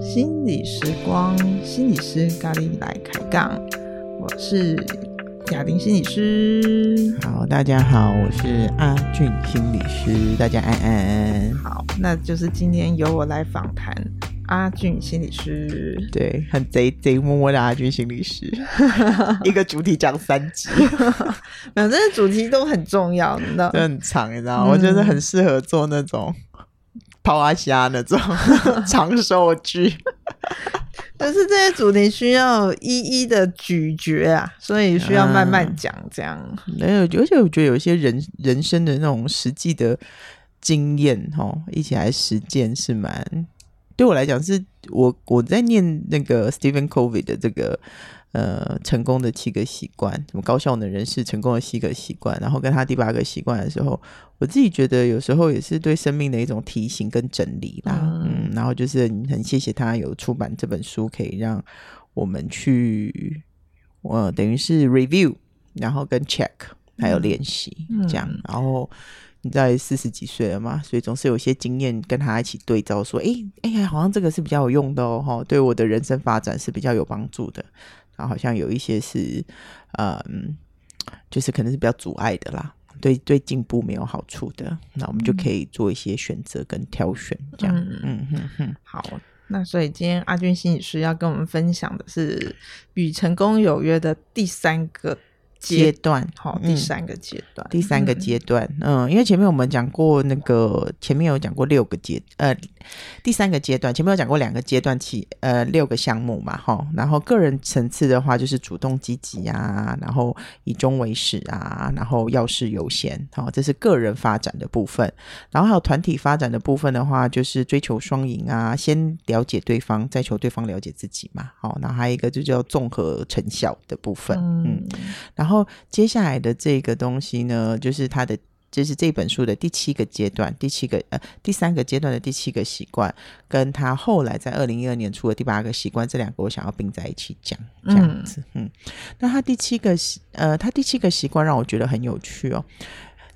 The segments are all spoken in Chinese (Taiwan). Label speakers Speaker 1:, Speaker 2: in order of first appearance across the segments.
Speaker 1: 心理時光，心理師咖喱來開槓。我是亞玲心理師，
Speaker 2: 好，大家好，我是阿俊心理師，大家安安，安。好，
Speaker 1: 那就是今天由我來訪談。阿俊
Speaker 2: 心理師，對，很賊賊摸摸的阿俊心理師， 一個主題講三集，反 正 主題都很重要，你知道？就很長，你知道？嗯、我真的很適合做那種拋阿蝦那種 長壽手劇
Speaker 1: 劇， 但是這些主題需要一一的咀嚼啊，所以需要慢慢講。
Speaker 2: 這樣，沒、嗯、有、嗯，而且我覺得有一些人人生的那種實際的經驗，吼，一起來實踐是蠻。對我來講，是我我在念那個 Stephen Covey 的這個呃成功的七個習慣，什麼高效能人士成功的七個習慣，然後跟他第八個習慣的時候，我自己覺得有時候也是對生命的一種提醒跟整理吧。嗯，嗯然後就是很謝謝他有出版這本書，可以讓我們去，呃，等於是 review，然後跟 check，還有練習、嗯、這樣，然後。你在四十幾歲了嘛，所以總是有一些經驗跟他一起對照，說，哎哎呀，好像這個是比較有用的哦、喔，對我的人生發展是比較有幫助的。然後好像有一些是，嗯，就是可能是比較阻礙的啦，對對進步沒有好處的，那我們就可以做一些選擇跟挑選，這樣。嗯嗯嗯。好，
Speaker 1: 那所以今天阿俊心理師要跟我們分享的是與成功有約的第三個。階段好、哦，第三個階
Speaker 2: 段，嗯、第三個階段嗯，嗯，因為前面我們講過那個，前面有講過六個階，呃，第三個階段，前面有講過兩個階段，起，呃六個項目嘛，哈，然後個人層次的話就是主動積極啊，然後以終為始啊，然後要事優先，好，這是個人發展的部分，然後還有團體發展的部分的話，就是追求雙贏啊，先了解對方，再求對方了解自己嘛，好，那還有一個就叫綜合成效的部分，嗯，嗯然後。然後接下來的這個東西呢，就是他的，就是這本書的第七個階段，第七個呃，第三個階段的第七個習慣，跟他後來在二零一二年出的第八個習慣，這兩個我想要併在一起講，這樣子。嗯，嗯那他第七個習呃，他第七個習慣讓我覺得很有趣哦。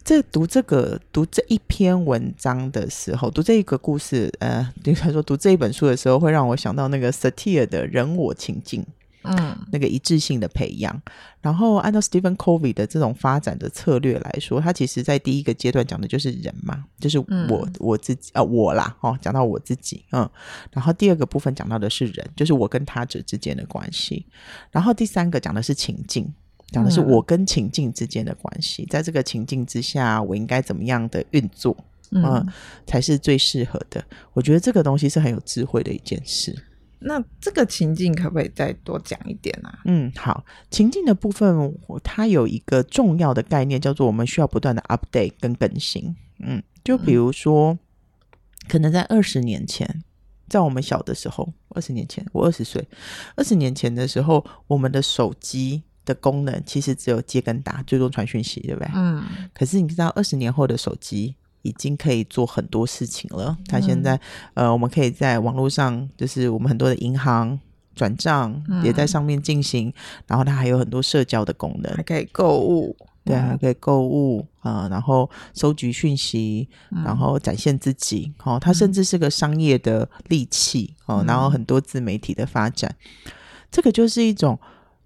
Speaker 2: 這讀這個讀這一篇文章的時候，讀這個故事呃，比如說讀這一本書的時候，會讓我想到那個 Satir 的人我情境。嗯，那個一致性的培養，然後按照 Stephen Covey 的這種發展的策略來說，他其實在第一個階段講的就是人嘛，就是我，嗯、我自己啊，哦，我啦，哦，講到我自己，嗯，然後第二個部分講到的是人，就是我跟他者之間的關係，然後第三個講的是情境，講的是我跟情境之間的關係，嗯，在這個情境之下，我應該怎麼樣的運作，嗯，嗯，才是最適合的。我覺得這個東西是很有智慧的一件事。
Speaker 1: 那這個情境可不可以再多講一點啊？
Speaker 2: 嗯，好，情境的部分，它有一個重要的概念，叫做我們需要不斷的 update 跟更新。嗯，就比如說，嗯、可能在二十年前，在我們小的時候，二十年前我二十歲，二十年前的時候，我們的手機的功能其實只有接跟打，最多傳訊息，對不對？嗯。可是你知道，二十年後的手機，已經可以做很多事情了。它現在，呃，我們可以在網絡上，就是我們很多的銀行轉賬也在上面進行。嗯、然後它還有很多社交的功能，還可以購物。嗯、對啊，還可以購物啊、呃，然後收集訊息、嗯，然後展現自己。哦，它甚至是個商業的利器。哦，然後很多自媒體的發展、嗯，這個就是一種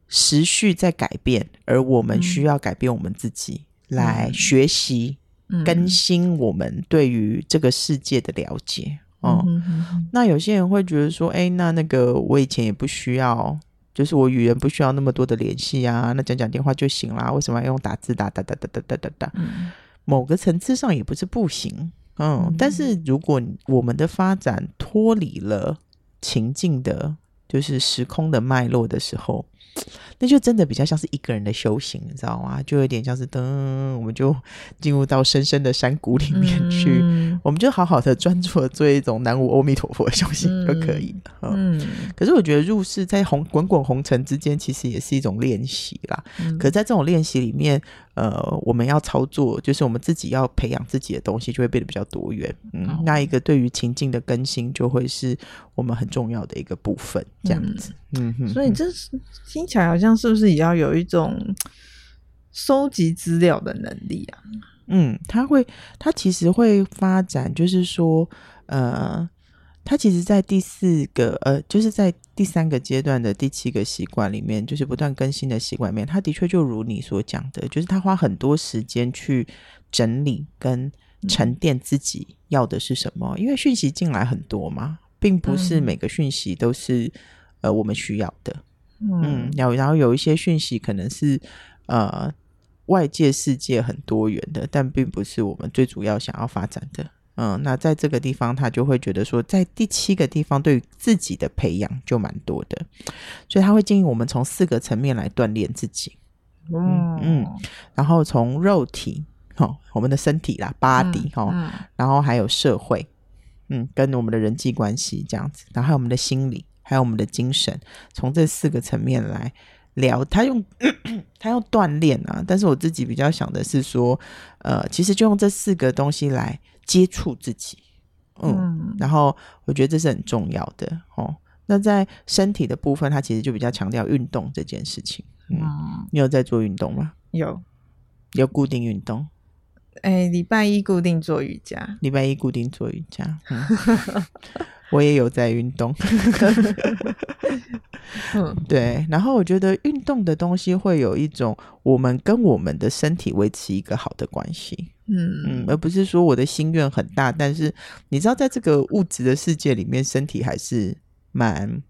Speaker 2: 持續在改變，而我們需要改變我們自己、嗯、來學習。更新我們對於這個世界的了解，嗯。哦，嗯哼哼。那有些人會覺得說：“哎，那那個我以前也不需要，就是我與人不需要那麼多的聯繫啊，那講講電話就行啦，為什麼要用打字打打打打打打打打？嗯。某個層次上也不是不行，嗯，嗯。但是如果我們的發展脫離了情境的，就是時空的脈絡的時候。”那就真的比較像是一個人的修行，你知道嗎？就有點像是噔，我們就進入到深深的山谷裡面去，嗯、我們就好好的專注的做一種南無阿彌陀佛的修行就可以了。嗯嗯、可是我覺得入世在紅滾滾紅塵之間，其實也是一種練習啦。嗯、可是在這種練習裡面。呃，我們要操作，就是我們自己要培養自己的東西，就會變得比較多元。哦、嗯，那一個對於情境的更新，就會是我們很重要的一個部分。這樣子，嗯，嗯哼哼哼。
Speaker 1: 所以這是聽起來好像是不是也要有一種
Speaker 2: 收集資料的能力啊？嗯，他會，他其實會發展，就是說，呃。他其實，在第四個，呃，就是在第三個階段的第七個習慣裡面，就是不斷更新的習慣裡面，他的確就如你所講的，就是他花很多時間去整理跟沉澱自己要的是什麼。嗯，因為訊息進來很多嘛，並不是每個訊息都是呃我們需要的，
Speaker 1: 嗯，
Speaker 2: 然後然後有一些訊息可能是呃外界世界很多元的，但並不是我們最主要想要發展的。嗯，那在這個地方，他就會覺得說，在第七個地方，對於自己的培養就蠻多的，所以他會建議我們從四個層面來鍛鍊自己。Wow. 嗯嗯，然後從肉體哈、哦，我們的身體啦，body、嗯哦嗯、然後還有社會，嗯，跟我們的人際關係這樣子，然後還有我們的心理，還有我們的精神，從這四個層面來聊。他用 他用鍛鍊啊，但是我自己比較想的是說，呃，其實就用這四個東西來。接觸自己嗯，嗯，然後我覺得這是很重要的哦。那在身體的部分，它其實就比較強調運動這件事情嗯。嗯，你有在做運動嗎？有，有固定運動。
Speaker 1: 誒，禮拜一固定做瑜
Speaker 2: 伽，禮拜一固定做瑜伽。嗯、 我也有在運動、 嗯。對，然後我覺得運動的東西會有一種，我們跟我們的身體維持一個好的關係。嗯，而不是說我的心願很大，但是你知道，在這個物質的世界裡面，身體還是蠻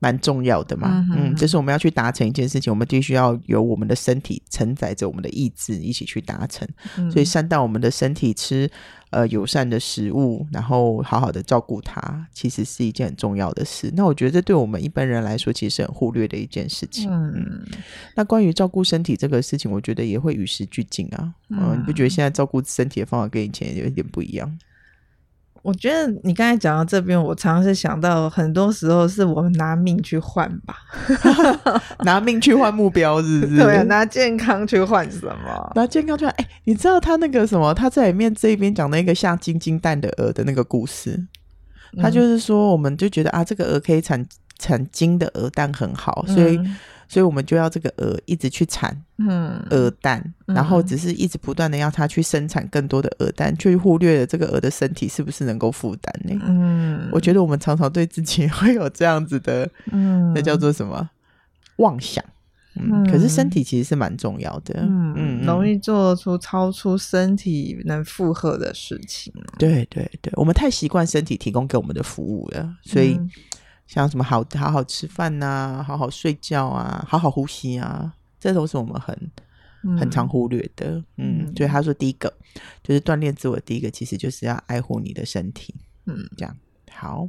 Speaker 2: 蠻重要的嘛嗯，嗯，就是我們要去達成一件事情，我們必須要有我們的身體承載着我們的意志一起去達成，嗯。所以善待我們的身體吃，吃呃友善的食物，然後好好的照顧它，其實是一件很重要的事。那我覺得這對我們一般人來說，其實是很忽略的一件事情。嗯，嗯那關於照顧身體這個事情，我覺得也會與時俱進啊。嗯，呃，你不覺得現在照顧身體的方法跟以前有一點不一樣？嗯
Speaker 1: 我覺得你剛才講到這邊，我常常是想到，很多時
Speaker 2: 候是我們拿命去換吧， 拿命去換目標，是、是。對，拿健康去換什麼？拿健康去換。哎、欸，你知道他那個什麼？他在裡面這一邊講那個像金金蛋的鵝的那個故事，他就是說，我們就覺得啊，這個鵝可以產產金的鵝蛋很好，所以。嗯所以我們就要這個鵝一直去產，嗯，鵝蛋，然後只是一直不斷的要它去生產更多的鵝蛋，卻、嗯、忽略了這個鵝的身體是不是能夠負擔呢？嗯，我覺得我們常常對自己會有這樣子的，嗯、那叫做什麼妄想、嗯嗯？可是身體其實是蠻重要的，嗯嗯，容易
Speaker 1: 做出超出身體能負荷的事
Speaker 2: 情，啊。對對對，我們太習慣身體提供給我們的服務了，所以。嗯像什麼好好好吃飯啊，好好睡覺啊，好好呼吸啊，這都是我們很、嗯、很常忽略的。嗯，嗯所以，他說第一個就是鍛鍊自我，第一個其實就是要愛護你的身體。嗯，這樣好。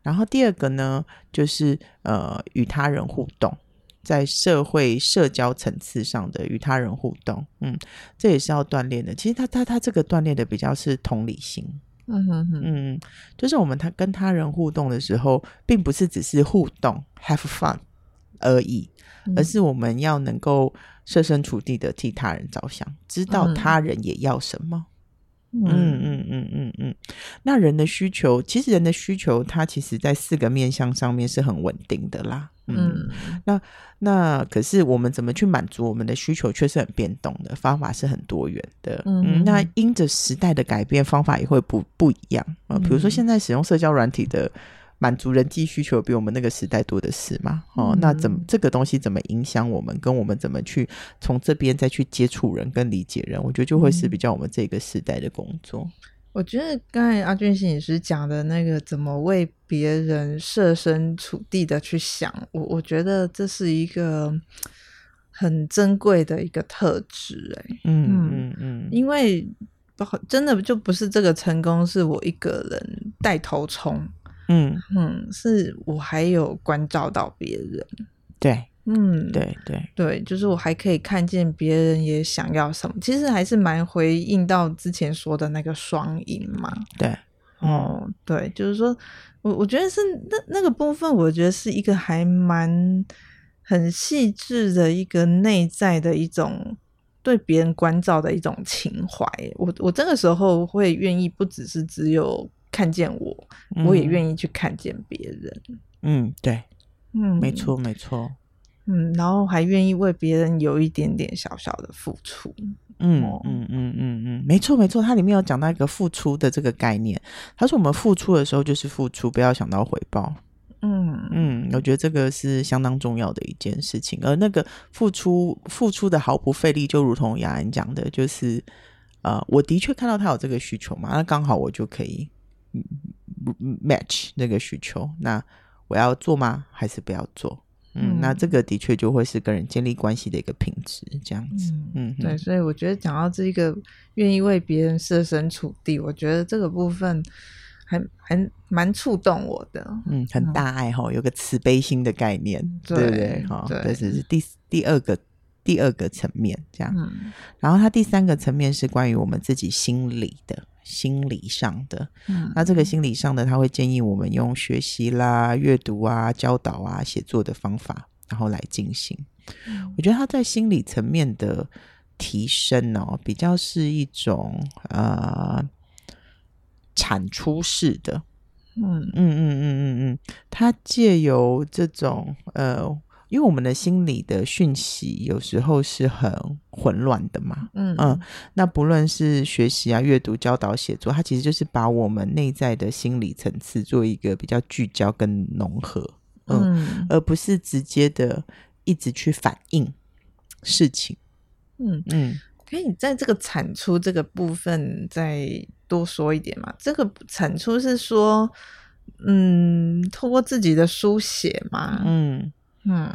Speaker 2: 然後第二個呢，就是呃與他人互動，在社會社交層次上的與他人互動，嗯，這也是要鍛鍊的。其實他他他這個鍛鍊的比較是同理心。嗯嗯， 嗯，就是我們他跟他人互動的時候，並不是只是互動、have fun 而已，嗯，而是我們要能夠設身處地的替他人着想，知道他人也要什麼。嗯嗯嗯嗯嗯，嗯，那人的需求，其實人的需求，他其實在四個面向上面是很穩定的啦。嗯，那那可是我們怎麼去滿足我們的需求，卻是很變動的，方法是很多元的。嗯，那因着時代的改變，方法也會不不一樣啊、嗯。比如說，現在使用社交軟體的滿足人際需求，比我們那個時代多的是嘛。嗯、哦，那怎麼這個東西怎麼影響我們，跟我們怎麼去從這邊再去接觸人跟理解人，我覺得就會是比較我們這個時代的工作。嗯
Speaker 1: 我覺得剛才阿俊心理師講的那個怎麼為別人設身處地的去想，我我覺得這是一個很珍貴的一個特質，欸，嗯嗯嗯，因為不好，真的就不是這個成功是我一個人帶頭衝，嗯嗯，是我還有關照到別人，
Speaker 2: 對。嗯，對對
Speaker 1: 對，就是我還可以看見別人也想要什麼，其實還是蠻回應到之前說的那個雙贏嘛。對，哦，嗯、對，就是說我我覺得是那那個部分，我覺得是一個還蠻很細緻的一個內在的一種對別人關照的一種情懷。我我這個時候會願意不只是只有看見我、嗯，我也願意去看見別人。
Speaker 2: 嗯，對，嗯，沒錯，沒錯。
Speaker 1: 嗯，然後還願意為別人有一點
Speaker 2: 點小小的付出，嗯、哦、嗯嗯嗯嗯，嗯，沒錯沒錯，他裡面有講到一個付出的這個概念，他說我們付出的時候就是付出，不要想到回報。嗯嗯，我覺得這個是相當重要的一件事情。而那個付出，付出的毫不費力，就如同雅安講的，就是呃，我的確看到他有這個需求嘛，那剛好我就可以 match 那個需求。那我要做嗎？還是不要做？嗯，那這個的確就會是跟人建立關係的一個品質，這樣子。嗯，嗯，對，
Speaker 1: 所以我覺得講到這個願意為別人設身處地，我覺得這個部分還還蠻觸動我的。嗯，很
Speaker 2: 大愛哈，嗯，有個慈悲心的概念，對不對？對，對，哈，對，這是第第二個。第二個層面這樣，嗯、然後他第三個層面是關於我們自己心理的、心理上的。嗯、那這個心理上的，他會建議我們用學習啦、閱讀啊、教導啊、寫作的方法，然後來進行。嗯、我覺得他在心理層面的提升哦，比較是一種呃產出式的。嗯嗯嗯嗯嗯嗯，他、嗯、借、嗯、由這種呃。因為我們的心理的訊息有時候是很混亂的嘛，嗯嗯，那不論是學習啊、閱讀、教導、寫作，它其實就是把我們內在的心理層次做一個比較聚焦跟融合，嗯，嗯，而不是直接的一直去反應事情，嗯
Speaker 1: 嗯，可以在這個產出這個部分再多說一點嘛？這個產出是說，嗯，透過自己的書寫嘛，嗯。
Speaker 2: 嗯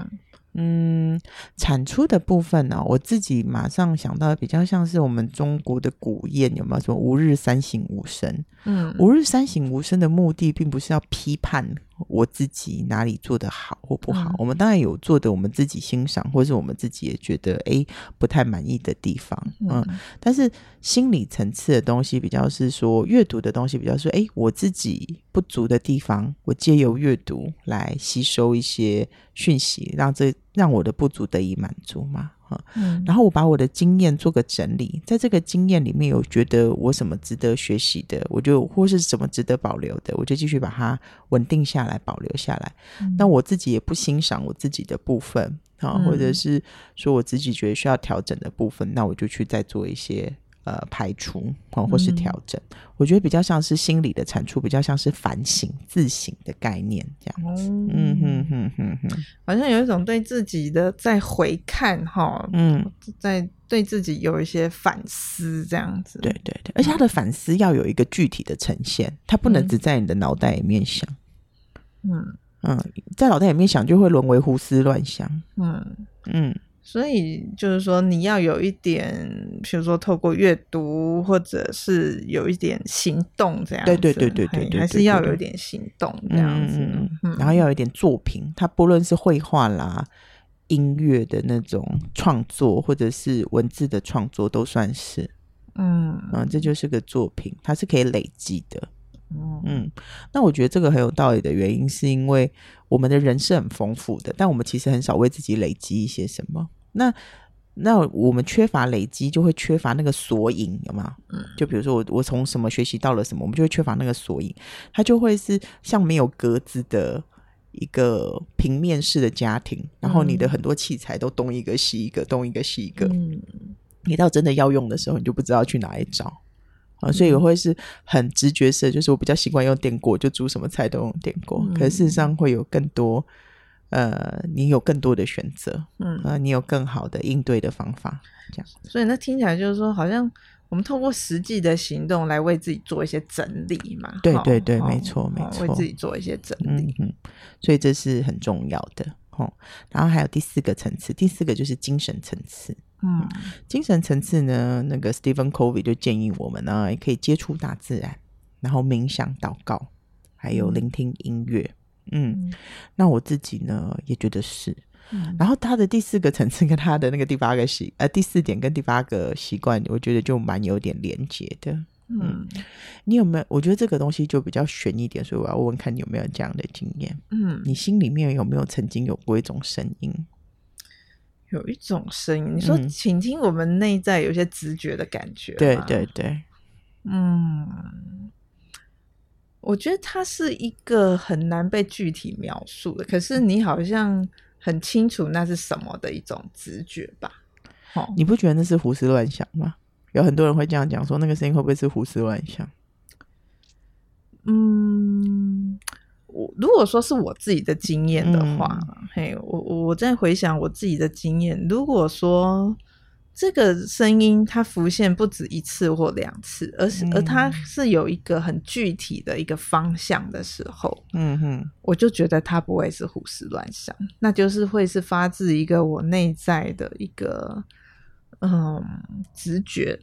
Speaker 2: 嗯，產出的部分呢、啊，我自己馬上想到的比較像是我們中國的古諺，有沒有什麼“吾日三省吾身”？嗯，“吾日三省吾身”的目的並不是要批判。我自己哪裡做得好或不好、嗯，我們當然有做的，我們自己欣賞，或者是我們自己也覺得哎、欸、不太滿意的地方，嗯。嗯，但是心理層次的東西比較是說，閱讀的東西比較是說，哎、欸，我自己不足的地方，我借由閱讀來吸收一些訊息，讓這。讓我的不足得以滿足嘛、嗯，然後我把我的經驗做個整理，在這個經驗裡面有覺得我什麼值得學習的，我就或是什麼值得保留的，我就繼續把它穩定下來，保留下來。嗯、那我自己也不欣賞我自己的部分、啊嗯、或者是說我自己覺得需要調整的部分，那我就去再做一些。呃，排除，哦，或是調整，嗯，我覺得比較像是心理的產出，比較像是反省、自省的概念這樣子。哦，嗯哼哼哼
Speaker 1: 哼，好像有一種對自己的在回看哈，哦，嗯，在對自己有一些反思這樣子。對
Speaker 2: 對對，而且他的反思要有一個具體的呈現，他，嗯、不能只在你的腦袋裡面想。嗯嗯，在腦袋裡面想就會淪為胡思亂想。嗯
Speaker 1: 嗯。所以就是說，你要有一點，譬如說透過閱讀，或者是有一點行動這樣子。對對對對，對對對對對，還是要有一點行動這
Speaker 2: 樣子。嗯嗯、然後要有一點作品，它不論是繪畫啦、音樂的那種創作，或者是文字的創作，都算是嗯啊，然後這就是個作品，它是可以累積的。嗯嗯，那我覺得這個很有道理的原因，是因為我們的人是很豐富的，但我們其實很少為自己累積一些什麼。那那我們缺乏累積，就會缺乏那個索引，有嗎？就比如說我我從什麼學習到了什麼，我們就會缺乏那個索引，它就會是像沒有格子的一個平面式的家庭，然後你的很多器材都東一個西一個，東一個西一個，嗯，你到真的要用的時候，你就不知道去哪裡找。哦、所以我會是很直覺式，就是我比較習慣用電鍋，就煮什麼菜都用電鍋。嗯、可事實上會有更多，呃，你有更多的選擇，嗯，你有更好的應對的方法，這
Speaker 1: 樣。所以那聽起來就是說，好像我們透過實際的行動來為自己做一些整理嘛？對對對，哦、沒錯沒錯、哦，為自己做一些整理。嗯，
Speaker 2: 所以這是很重要的哦。然後還有第四個層次，第四個就是精神層次。嗯，精神層次呢，那個 Stephen Covey 就建議我們呢，也可以接觸大自然，然後冥想、禱告，還有聆聽音樂嗯。嗯，那我自己呢，也覺得是。嗯、然後他的第四個層次跟他的那個第八個習，呃，第四點跟第八個習慣，我覺得就蠻有點連接的嗯。嗯，你有沒有？我覺得這個東西就比較懸一點，所以我要問看你有沒有這樣的經驗。嗯，你心裡面有沒有曾經有過一種聲音？
Speaker 1: 有一種聲音，你說，嗯，請聽我們內在有些直覺的感覺。對對對，嗯，我覺得它是一個很難被具體描述的，可是你好像很清楚那是什麼的一種直覺吧？
Speaker 2: 哦，你不覺得那是胡思亂想嗎？有很多人會這樣講說，那個聲音會不會是胡思亂想？嗯。
Speaker 1: 如果說是我自己的經驗的話，嗯、嘿，我我再回想我自己的經驗，如果說這個聲音它浮現不止一次或兩次，而是、嗯、而它是有一個很具體的一個方向的時候，嗯哼，我就覺得它不會
Speaker 2: 是胡思亂想，
Speaker 1: 那就是會是發自一個我內在的一個
Speaker 2: 嗯，直覺。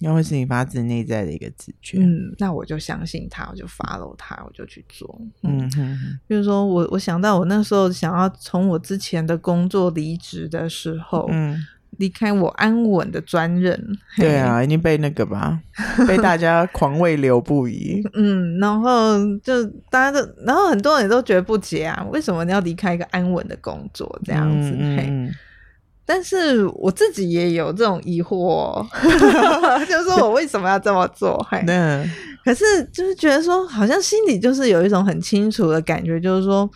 Speaker 2: 因為是你發自內在的一個直覺，嗯，那我就相信他，我就 follow 他，我就去做，嗯哼哼，就是說我我
Speaker 1: 想到我那時候想要從我之前的工作離職的時候，嗯，離開我安穩的專任、
Speaker 2: 嗯，對啊，已經被那個吧， 被大家狂慰留不已，
Speaker 1: 嗯，然後就大家都然後很多人都覺得不解啊，為什麼你要離開一個安穩的工作這樣子，嗯嗯嘿但是我自己也有這種疑惑、哦， 就是說我為什麼要這麼做？ 可是就是覺得說，好像心裡就是有一種很清楚的感覺，就是說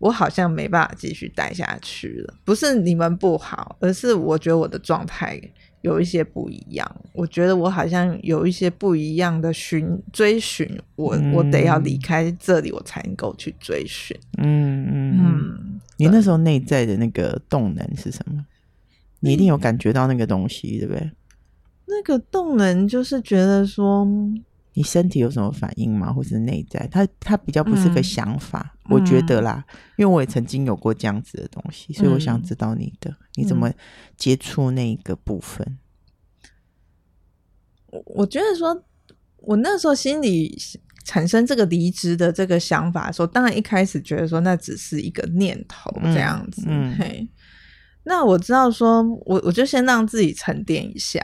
Speaker 1: 我好像沒辦法繼續待下去了。不是你們不好，而是我覺得我的狀態有一些不一樣。我覺得我好像有一些不一樣的尋追尋，我、嗯、我得要離開這裡，我才能夠去追尋。嗯
Speaker 2: 嗯，嗯，你那時候內在的那個動能是什麼？你一定有感覺到那個東西、嗯，對不對？
Speaker 1: 那個動能就是覺得說，
Speaker 2: 你身體有什麼反應嗎？或是內在，它它比較不是個想法，嗯、我覺得啦、嗯，因為我也曾經有過這樣子的東西，所以我想知道你的，嗯、你怎麼接觸那個部分？嗯嗯、我我覺得說，我那時
Speaker 1: 候心裡產生這個離職的這個想法的時候，當然一開始覺得說那只是一個念頭這樣子，嗯，嗯嘿。那我知道說，說我我就先讓自己沉澱一下。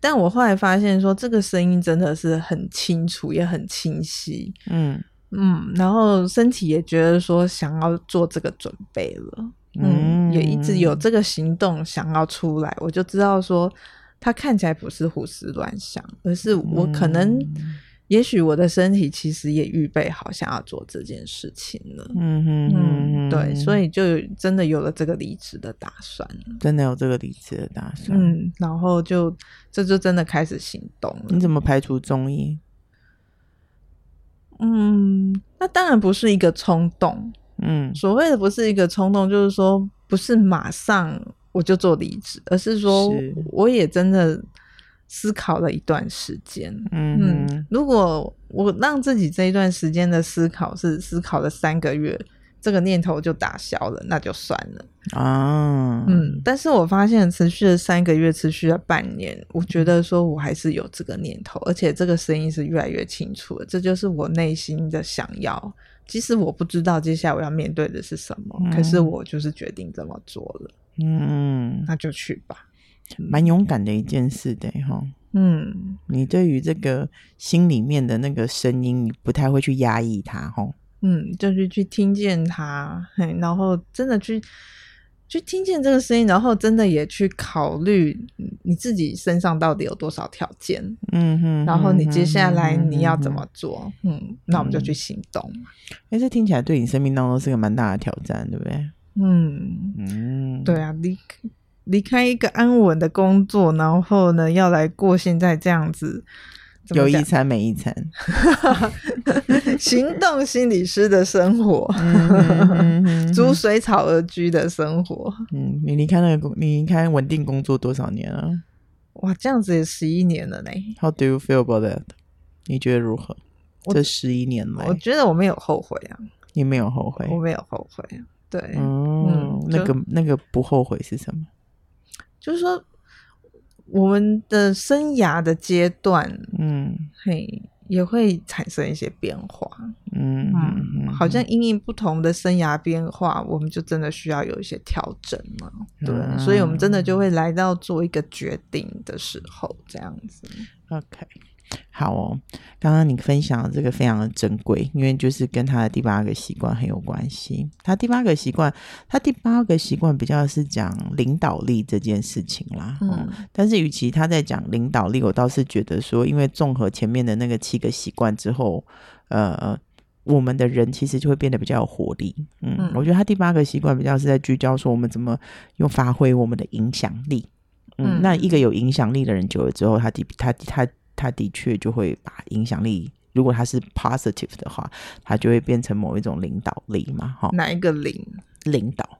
Speaker 1: 但我後來發現說，這個聲音真的是很清楚，也很清晰。嗯嗯，然後身體也覺得說想要做這個準備了嗯。嗯，也一直有這個行動想要出來。我就知道說，他看起來不是胡思亂想，而是我可能。嗯也許我的身體其實也預備好想要做這件事情了嗯嗯。嗯哼，對，所以就真的有了這個離職的打算，真的有這個離職的打算。嗯，然後就這就真的開始行動了。你怎
Speaker 2: 麼排除中醫？嗯，
Speaker 1: 那當然不是一個衝動。嗯，所謂的不是一個衝動，就是說不是馬上我就做離職，而是說我也真的。思考了一段時間，嗯，嗯，如果我讓自己這一段時間的思考是思考了三個月，這個念頭就打消了，那就算了啊，哦。嗯，但是我發現持續了三個月，持續了半年，我覺得說我還是有這個念頭，而且這個聲音是越來越清楚了，這就是我內心的想要。其實我不知道接下來我要面對
Speaker 2: 的是什麼，嗯，可是我就是決定這麼做了，嗯，那就去吧。蠻勇敢的一件事的齁，嗯，你對於這個心裡面的那個聲音，你不太會去壓抑它齁，嗯，
Speaker 1: 就是去聽見它嘿，然後真的去，去聽見這個聲音，然後真的也去考慮你自己身上到底有多少條件，嗯
Speaker 2: 哼，然後你接
Speaker 1: 下來你要怎麼做，嗯，嗯，嗯，嗯，那我們就去行動。
Speaker 2: 哎，這聽起來對你生命當中是個蠻大的挑戰，對不對？嗯，嗯對啊，
Speaker 1: 你離開一個安穩的工作，然後，後呢，要來過現在這樣子，
Speaker 2: 有一餐
Speaker 1: 沒一餐， 行動心理師的生活，逐、 嗯嗯嗯、水草而居的生活。嗯，
Speaker 2: 你離開那個工，你離開穩定工作多少年啊？
Speaker 1: 哇，這樣子也十一年了呢。
Speaker 2: How do you feel about that？你覺得如何？這十一年來，我
Speaker 1: 覺得我沒有後悔啊。
Speaker 2: 你沒有後悔？
Speaker 1: 我沒有後悔。對。哦、嗯嗯，
Speaker 2: 那個那個不後悔是什麼？
Speaker 1: 就是說，我們的生涯的階段，嗯，嘿，也會產生一些變化，嗯，嗯，好像因應不同的生涯變化，我們就真的需要有一些調整嘛。嗯、對，所以我們真的就會來到做一個決定的時候，嗯、這樣子
Speaker 2: ，OK。好哦，剛剛你分享的這個非常的珍貴，因為就是跟他的第八個習慣很有關係。他第八個習慣，他第八個習慣比較是講領導力這件事情啦。嗯，嗯，但是與其他在講領導力，我倒是覺得說，因為綜合前面的那個七個習慣之後，呃，我們的人其實就會變得比較有活力。嗯，嗯，我覺得他第八個習慣比較是在聚焦說我們怎麼又發揮我們的影響力。嗯，嗯，那一個有影響力的人久了之後，他他他。他他他的確就會把影響力，如果他是 positive 的話，他就會變成某一種領導力嘛。齁。哪一個領領導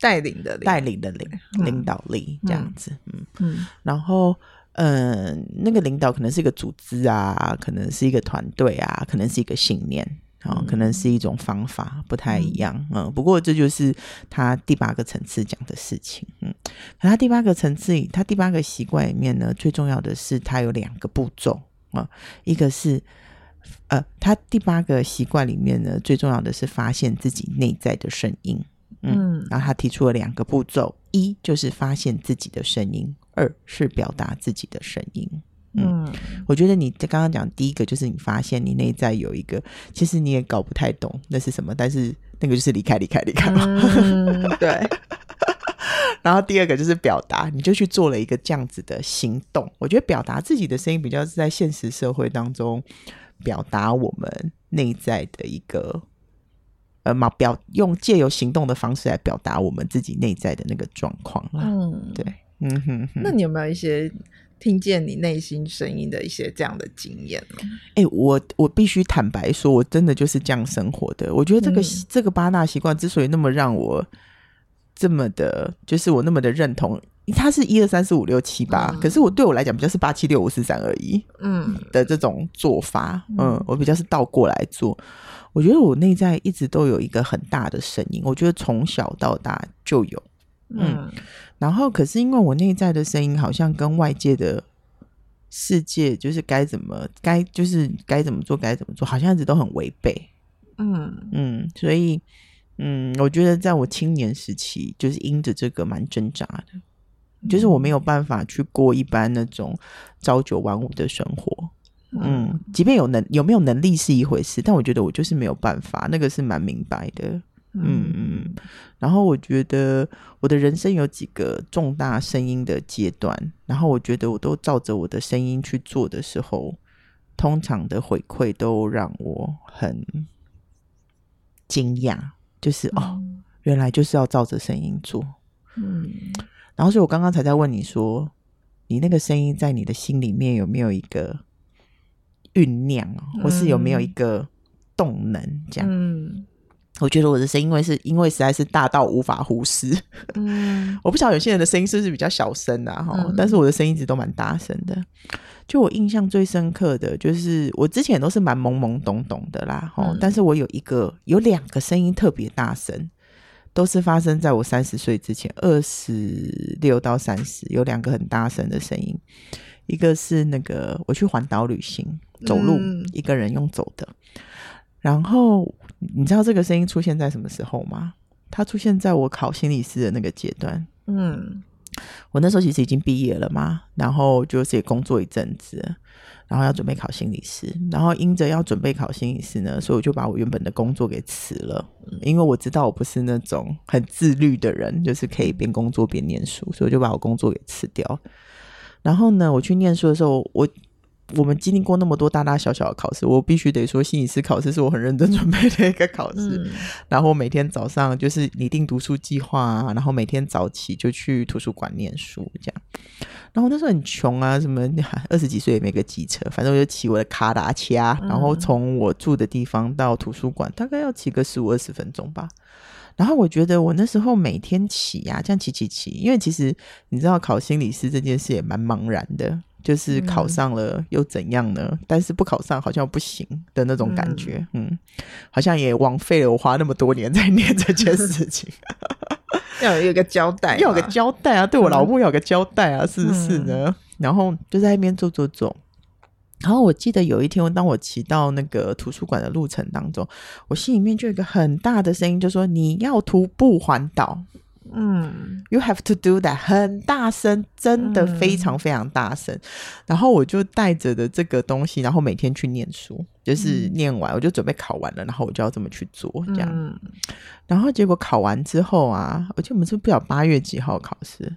Speaker 2: 帶領的，帶領的領，嗯，領導力這樣子。嗯嗯，嗯，然後嗯，呃，那個領導可能是一個組織啊，可能是一個團隊啊，可能是一個信念。哦，可能是一種方法，不太一樣。嗯嗯。嗯，不過這就是他第八個層次講的事情。嗯，他第八個層次，他第八個習慣裡面呢，最重要的是，他有兩個步驟啊、嗯。一個是，呃，他第八個習慣裡面呢，最重要的是發現自己內在的聲音。嗯。嗯，然後他提出了兩個步驟：一就是發現自己的聲音；二是表達自己的聲音。嗯，嗯，我覺得你剛剛講第一個就是你發現你內在有一個，其實你也搞不太懂那是什麼，但是那個就是離開，離開，離開、嗯、對。 然後第二個就是表達，你就去做了一個這樣子的行動。我覺得表達自己的聲音比較是在現實社會當中表達我們內在的一個，呃，嘛，表用借由行動的方式來表達我們自己內在的那個狀況啦、嗯、對，嗯哼，哼，那
Speaker 1: 你有沒有一些？聽見你內心聲音的一些這樣的經驗嗎？
Speaker 2: 哎、欸，我我必須坦白說，我真的就是這樣生活的。我覺得這個、嗯、這個八大習慣之所以那麼讓我這麼的，就是我那麼的認同，它是一二三四五六七八，可是我對我來講比較是八七六五四三二一。
Speaker 1: 嗯，
Speaker 2: 的這種做法，嗯，我比較是倒過來做、嗯。我覺得我內在一直都有一個很大的聲音，我覺得從小到大就有，嗯。嗯然後，可是因為我內在的聲音好像跟外界的世界，就是該怎麼該就是該怎麼做該怎麼做，好像一直都很違背。嗯嗯，所以嗯，我覺得在我青年時期，就是因着這個蠻掙扎的。嗯，就是我沒有辦法去過一般那種朝九晚五的生活。
Speaker 1: 嗯，
Speaker 2: 嗯，即便有能有沒有能力是一回事，但我覺得我就是沒有辦法，那個是蠻明白的。嗯嗯，然後我覺得我的人生有幾個重大聲音的階段，然後我覺得我都照着我的聲音去做的時候，通常的回饋都讓我很驚訝，就是、嗯、哦，原來就是要照着聲音做。嗯，然後所以我剛剛才在問你說，你那個聲音在你的心裡面有沒有一個醞釀，或是有沒有一個動能這樣？嗯嗯我覺得我的聲音，因為是因為實在是大到無法忽視、嗯。 我不曉得有些人的聲音是不是比較小聲的哈，但是我的聲音一直都蠻大聲的。就我印象最深刻的就是，我之前都是蠻懵懵懂懂的啦哈、嗯，但是我有一個有兩個聲音特別大聲，都是發生在我三十歲之前，二十六到三十，有兩個很大聲的聲音，一個是那個我去環島旅行走路、嗯，一個人用走的，然後。你知道這個聲音出現在什麼時候嗎？它出現在我考心理師的那個階段。嗯，我那時候其實已經畢業了嘛，然後就是工作一陣子，然後要準備考心理師，然後因着要準備考心理師呢，所以我就把我原本的工作給辭了。因為我知道我不是那種很自律的人，就是可以邊工作邊念書，所以我就把我工作給辭掉。然後呢，我去念書的時候，我。我們經歷過那麼多大大小小的考試，我必須得說，心理師考試是我很認真準備的一個考試，嗯。然後每天早上就是擬定讀書計劃啊，然後每天早起就去圖書館念書這樣。然後那時候很窮啊，什麼二十幾歲也沒個機車，反正我就騎我的卡達車啊，嗯，然後從我住的地方到圖書館大概要騎個十五二十分鐘吧。然後我覺得我那時候每天騎啊，這樣騎騎騎，因為其實你知道考心理師這件事也蠻茫然的。就是考上了又怎樣呢、嗯？但是不考上好像不行的那種感覺，嗯，嗯好像也枉費了我花那麼多年在念這件事情， 要有個交代，要有個交代啊，交代啊、嗯！對我老母要有個交代啊、嗯，是不是呢？嗯、然後就在那邊坐坐坐。然後我記得有一天，當我騎到那個圖書館的路程當中，我心裡面就有一個很大的聲音就，就說你要徒步環島。嗯，You have to do that，很大聲，真的非常非常大聲、嗯。然後我就帶着的這個東西，然後每天去念書，就是念完、嗯、我就準備考完了，然後我就要這麼去做這樣、嗯。然後結果考完之後啊，我記得我們是不曉八月幾號考試。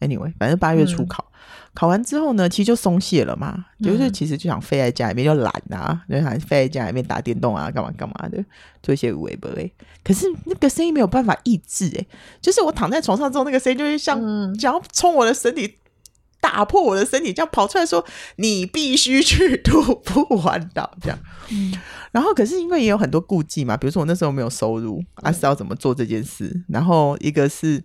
Speaker 2: Anyway，反正八月初考、嗯，考完之後呢，其實就鬆懈了嘛、嗯，就是其實就想飛在家裡面，就懶啊，就想飛在家裡面打電動啊，幹嘛幹嘛的，做一些微不哎。可是那個聲音沒有辦法抑制哎、欸，就是我躺在床上之後，那個聲音就會像、嗯、想要衝我的身體，打破我的身體，這樣跑出來說：“你必須去徒步環島。”這樣、嗯。然後可是因為也有很多顧忌嘛，比如說我那時候沒有收入，阿、啊、還是要怎麼做這件事？嗯、然後一個是。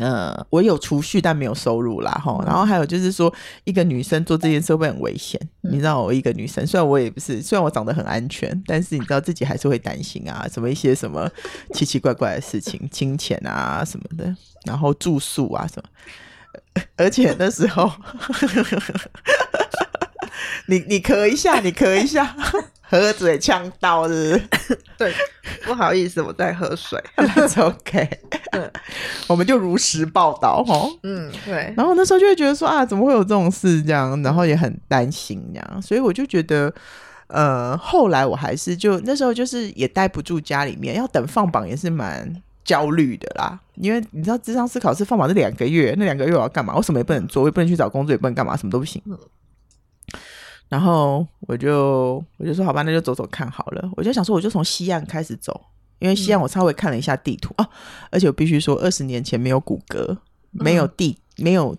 Speaker 2: 呃、嗯，我有儲蓄，但沒有收入啦，齁。然後還有就是說，一個女生做這件事會很危險，你知道，我一個女生，雖然我也不是，雖然我長得很安全，但是你知道自己還是會擔心啊，什麼一些什麼奇奇怪怪的事情，金錢啊什麼的，然後住宿啊什麼，而且那時候， 你你咳一下，你咳一下。喝水嗆到了， 對， 不好意思，我在喝水。 That's o okay . K， 嗯、我們就如實報道哦。嗯，對。然後那時候就會覺得說啊，怎麼會有這種事？這樣，然後也很擔心這樣。所以我就覺得，呃，後來我還是就那時候就是也待不住家裡面，要等放榜也是蠻焦慮的啦。因為你知道，諮商師考試放榜這兩個月，那兩個月我要幹嘛？我什麼也不能做，我也不能,我不能去找工作，也不能幹嘛，什麼都不行。嗯然後我就我就說好吧，那就走走看好了。我就想說，我就從西岸開始走，因為西岸我稍微看了一下地圖、嗯、啊，而且我必須說，二十年前沒有谷歌、嗯，沒有地，沒有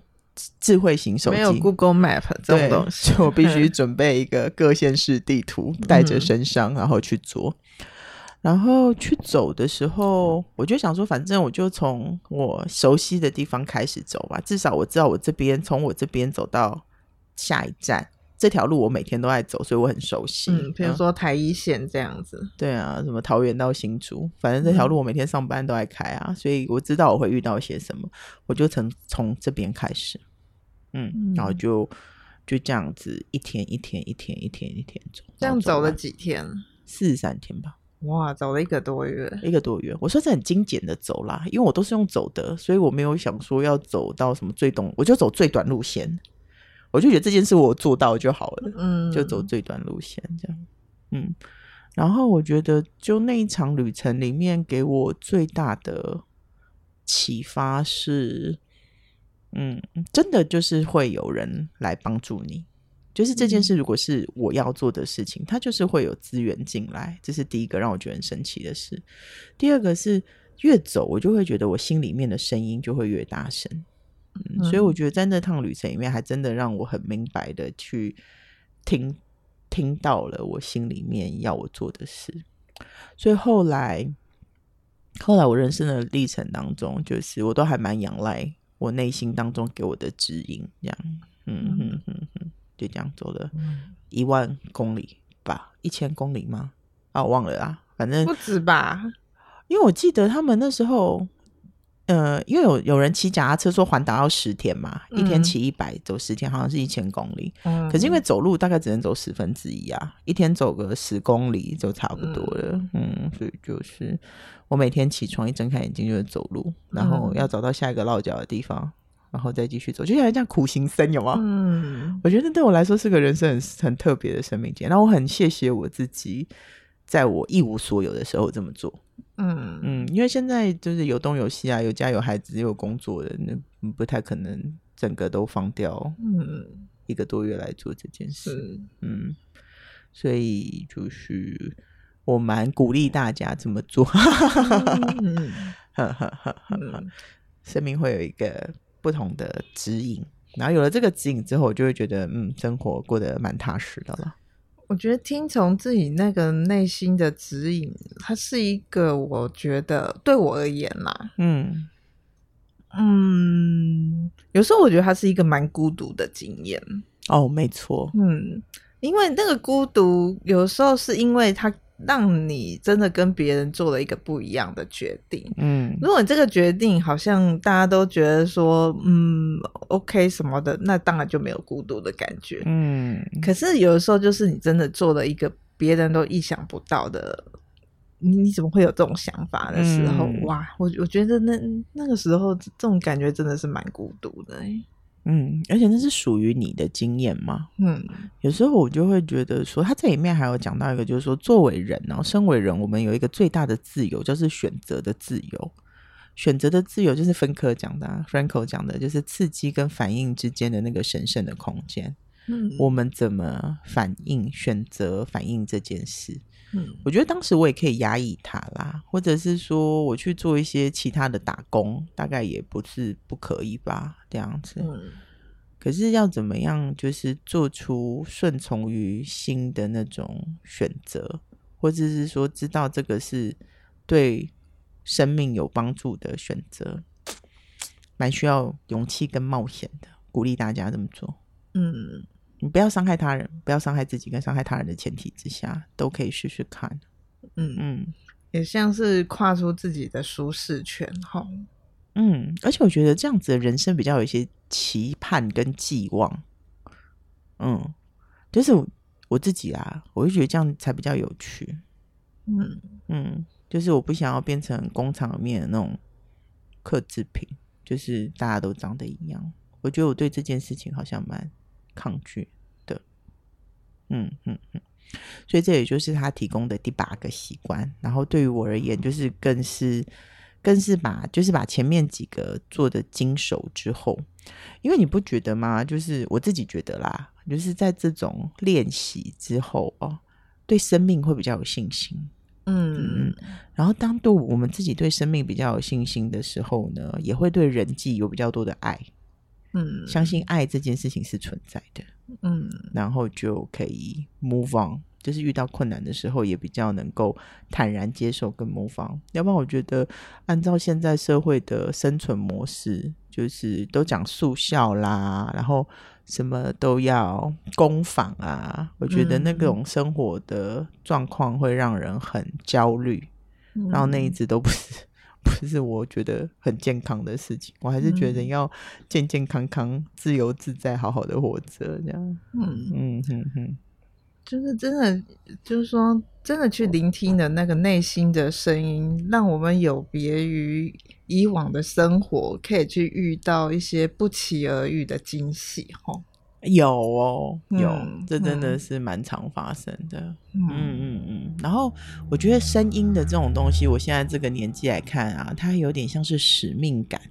Speaker 2: 智慧型手機，沒有 Google Map 這種東西，所以 我必須準備一個各縣市地圖，帶着身上、嗯，然後去做。然後去走的時候，我就想說，反正我就從我熟悉的地方開始走吧，至少我知道我這邊從我這邊走到下一站。這條路我每天都在走，所以我很熟悉。嗯，譬如
Speaker 1: 說台一線這樣子、嗯。
Speaker 2: 對啊，什麼桃園到新竹，反正這條路我每天上班都在開啊、嗯，所以我知道我會遇到一些什麼。我就從從這邊開始，嗯，嗯然後就就這樣子一天一天一天一天一天，一天走，這樣走了，走了
Speaker 1: 幾天？四
Speaker 2: 十三天吧。哇，走了一個多月，一個多月。我說是很精簡的走啦，因為我都是用走的，所以我沒有想說要走到什麼最東，我就走最短路線。我就覺得這件事我做到就好了，嗯、就走最短路線這樣，嗯，然後我覺得就那一場旅程裡面給我最大的啟發是，嗯，真的就是會有人來幫助你，就是這件事如果是我要做的事情，嗯、它就是會有資源進來，這是第一個讓我覺得很神奇的事。第二個是越走我就會覺得我心裡面的聲音就會越大聲。嗯、所以我覺得在那趟旅程裡面，還真的讓我很明白的去聽，聽到了我心裡面要我做的事。所以後來，後來我人生的歷程當中，就是我都還蠻仰賴我內心當中給我的指引。這樣嗯，嗯哼哼哼，就這樣走了、嗯、一萬公里吧，一千公里嗎？啊，我忘了啦，反正不止吧，因為我記得他們那時候。呃，因為有有人騎腳踏車說環達到十天嘛，嗯、一天騎一百走十天，好像是一千公里、嗯。可是因為走路大概只能走十分之一啊，一天走個十公里就差不多了。嗯。嗯，所以就是我每天起床一睜開眼睛就是走路、嗯，然後要找到下一個落腳的地方，然後再繼續走，就像這樣苦行僧，有嗎？嗯，我覺得對我來說是個人生很很特別的生命體驗。那我很謝謝我自己，在我一無所有的時候這麼做。嗯嗯，因為現在就是有東有西啊，有家有孩子，有工作的，那不太可能整個都放掉。嗯，一個多月來做這件事嗯，嗯，所以就是我蠻鼓勵大家這麼做，哈哈哈哈哈，哈哈哈哈哈，嗯、 生命會有一個不同的指引，然後有了這個指引之後，我就會覺得，嗯，生活過得蠻踏實的了。
Speaker 1: 我覺得聽從自己那個內心的指引，它是一個我覺得對我而言啦、啊。嗯嗯，有時候我覺得它是一個蠻孤獨的經驗。哦，沒錯，嗯，因為那個孤獨有時候是因為他。讓你真的跟別人做了一個不一樣的決定，嗯，如果你這個決定好像大家都覺得說，嗯，OK 什麼的，那當然就沒有孤獨的感覺，嗯。可是有的時候，就是你真的做了一個別人都意想不到的，你你怎麼會有這種想法的時候，嗯，哇，我我覺得那那個時候這種感覺真的是蠻孤獨的欸。
Speaker 2: 嗯，而且那是屬於你的經驗嘛？嗯，有時候我就會覺得說，他這裡面還有講到一個，就是說，作為人，然後，啊、身為人，我們有一個最大的自由，就是選擇的自由。選擇的自由就是芬科講的，啊嗯、Frankel 講的就是刺激跟反應之間的那個神聖的空間。嗯，我們怎麼反應、選擇、反應這件事？我覺得當時我也可以壓抑他啦，或者是說我去做一些其他的打工，大概也不是不可以吧，這樣子。嗯，可是要怎麼樣，就是做出順從於心的那種選擇，或者是說知道這個是對生命有幫助的選擇，蠻需要勇氣跟冒險的。鼓勵大家這麼做。嗯。不要傷害他人，不要傷害自己，跟傷害他人的前提之下，都可以試試看。嗯嗯，也像是跨出
Speaker 1: 自己的舒適圈，哈。
Speaker 2: 嗯，而且我覺得這樣子的人生比較有一些期盼跟寄望。嗯，就是我我自己啊，我就覺得這樣才比較有趣。嗯嗯，就是我不想要變成工廠裡面的那種客製品，就是大家都長得一樣。我覺得我對這件事情好像蠻抗拒。嗯嗯嗯，所以這也就是他提供的第八個習慣。然後對於我而言，就是更是更是把就是把前面幾個做的精熟之後，因為你不覺得嗎？就是我自己覺得啦，就是在這種練習之後哦，對生命會比較有信心。嗯嗯嗯。然後當對我們自己對生命比較有信心的時候呢，也會對人際有比較多的愛。嗯，相信愛這件事情是存在的。嗯，然後就可以 move on，就是遇到困難的時候也比較能夠坦然接受跟 move on。要不然我覺得，按照現在社會的生存模式，就是都講速效啦，然後什麼都要攻防啊。我覺得那種生活的狀況會讓人很焦慮。嗯、然後那一直都不是。不是我覺得很健康的事情，我還是覺得要健健康康、自由自在、好好的活着這樣。嗯嗯
Speaker 1: 嗯嗯，就是真的，就是說真的去聆聽的那個內心的聲音，讓我們有別於以往的生活，可以去遇到一些不期
Speaker 2: 而遇的驚喜哈。齁。有哦，有、嗯，這真的是蠻常發生的。嗯嗯嗯，嗯。然後我覺得聲音的這種東西，我現在這個年紀來看啊，它有點像是使命感。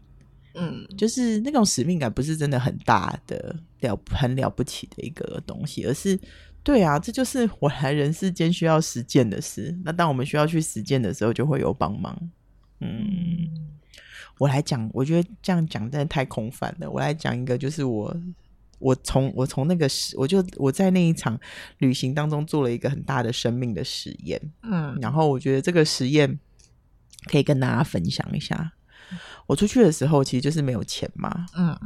Speaker 2: 嗯，就是那種使命感，不是真的很大的了，很了不起的一個東西，而是對啊，這就是我來人世間需要實踐的事。那當我們需要去實踐的時候，就會有幫忙。嗯，我來講，我覺得這樣講真的太空泛了。我來講一個，就是我。我從我從那個時，我就我在那一場旅行當中做了一個很大的生命的實驗，嗯，然後我覺得這個實驗可以跟大家分享一下。我出去的時候其實就是沒有錢嘛，嗯，